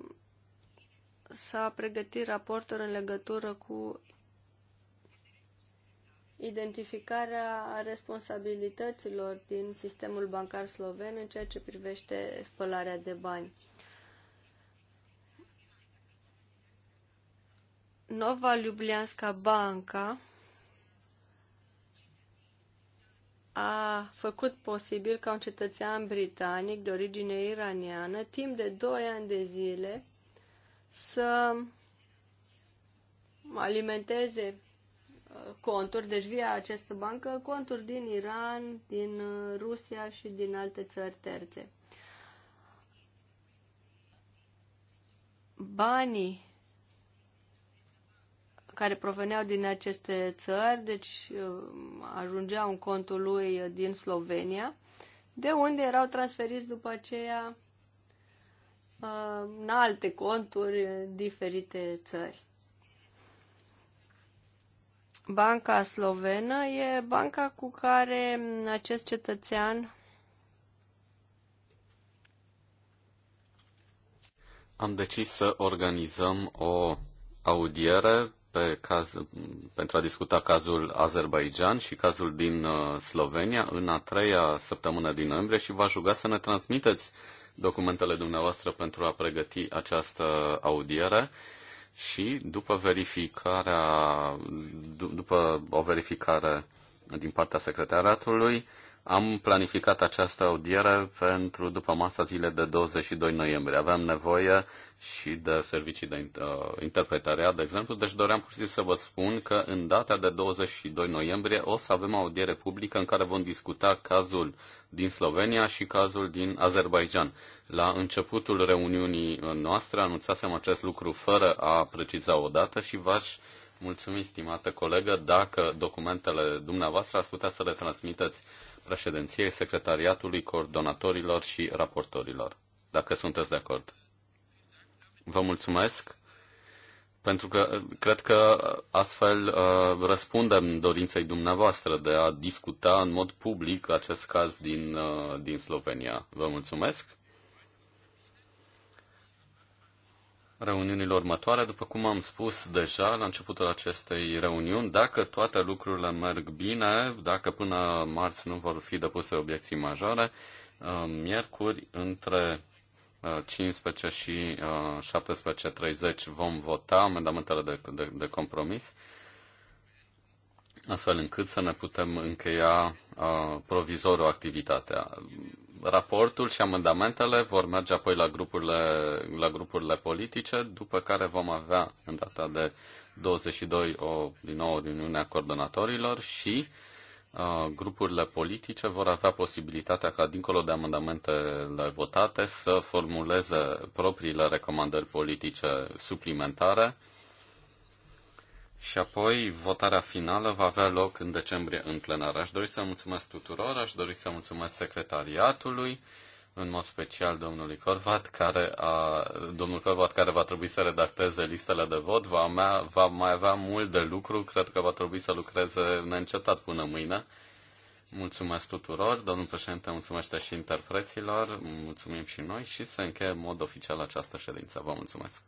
Speaker 1: s-a pregătit raportul în legătură cu identificarea responsabilităților din sistemul bancar sloven în ceea ce privește spălarea de bani. Nova Ljubljanska Banca a făcut posibil ca un cetățean britanic de origine iraniană, timp de 2 ani de zile, să alimenteze conturi, deci via această bancă, conturi din Iran, din uh, Rusia și din alte țări terțe. Banii care proveneau din aceste țări, deci uh, ajungeau în contul lui din Slovenia, de unde erau transferiți după aceea uh, în alte conturi în diferite țări. Banca slovenă e banca cu care acest cetățean
Speaker 2: am decis să organizăm o audiere pe caz, pentru a discuta cazul Azerbaijan și cazul din uh, Slovenia în a treia săptămână din noiembrie și v-aș ruga să ne transmiteți documentele dumneavoastră pentru a pregăti această audiere și după verificarea, după o verificare din partea secretariatului, am planificat această audiere pentru după masa zile de 22 noiembrie. Aveam nevoie și de servicii de uh, interpretariat, de exemplu, deci doream pur și simplu să vă spun că în data de 22 noiembrie o să avem o audiere publică în care vom discuta cazul din Slovenia și cazul din Azerbaijan. La începutul reuniunii noastre anunțasem acest lucru fără a preciza o dată și v-aș mulțumi, stimată colegă, dacă documentele dumneavoastră ați putea să le transmiteți președinției, secretariatului, coordonatorilor și raportorilor, dacă sunteți de acord. Vă mulțumesc pentru că uh, cred că uh, astfel uh, răspundem dorinței dumneavoastră de a discuta în mod public acest caz din, din Slovenia. Vă mulțumesc! reuniunile următoare, după cum am spus deja la începutul acestei reuniuni, dacă toate lucrurile merg bine, dacă până marți nu vor fi depuse obiecții majore, miercuri între 15 și 17.30 uh, vom vota amendamentele de, de, de compromis, astfel încât să ne putem încheia uh, provizorul activitatea. Raportul și amendamentele vor merge apoi la grupurile, la grupurile politice, după care vom avea în data de 22 o din nou Uniunea coordonatorilor și uh, Uh, grupurile politice vor avea posibilitatea ca, dincolo de amendamentele votate, să formuleze propriile recomandări politice suplimentare și apoi votarea finală va avea loc în decembrie în plenar. Aș dori să mulțumesc tuturor, aș dori să mulțumesc secretariatului în mod special domnului Corvat, care a, domnul Corvat care va trebui să redacteze listele de vot, va, mea, va mai avea mult de lucru, cred că va trebui să lucreze neîncetat până mâine. Mulțumesc tuturor, domnul președinte mulțumesc și interpreților, mulțumim și noi și se încheie în mod oficial această ședință. Vă mulțumesc!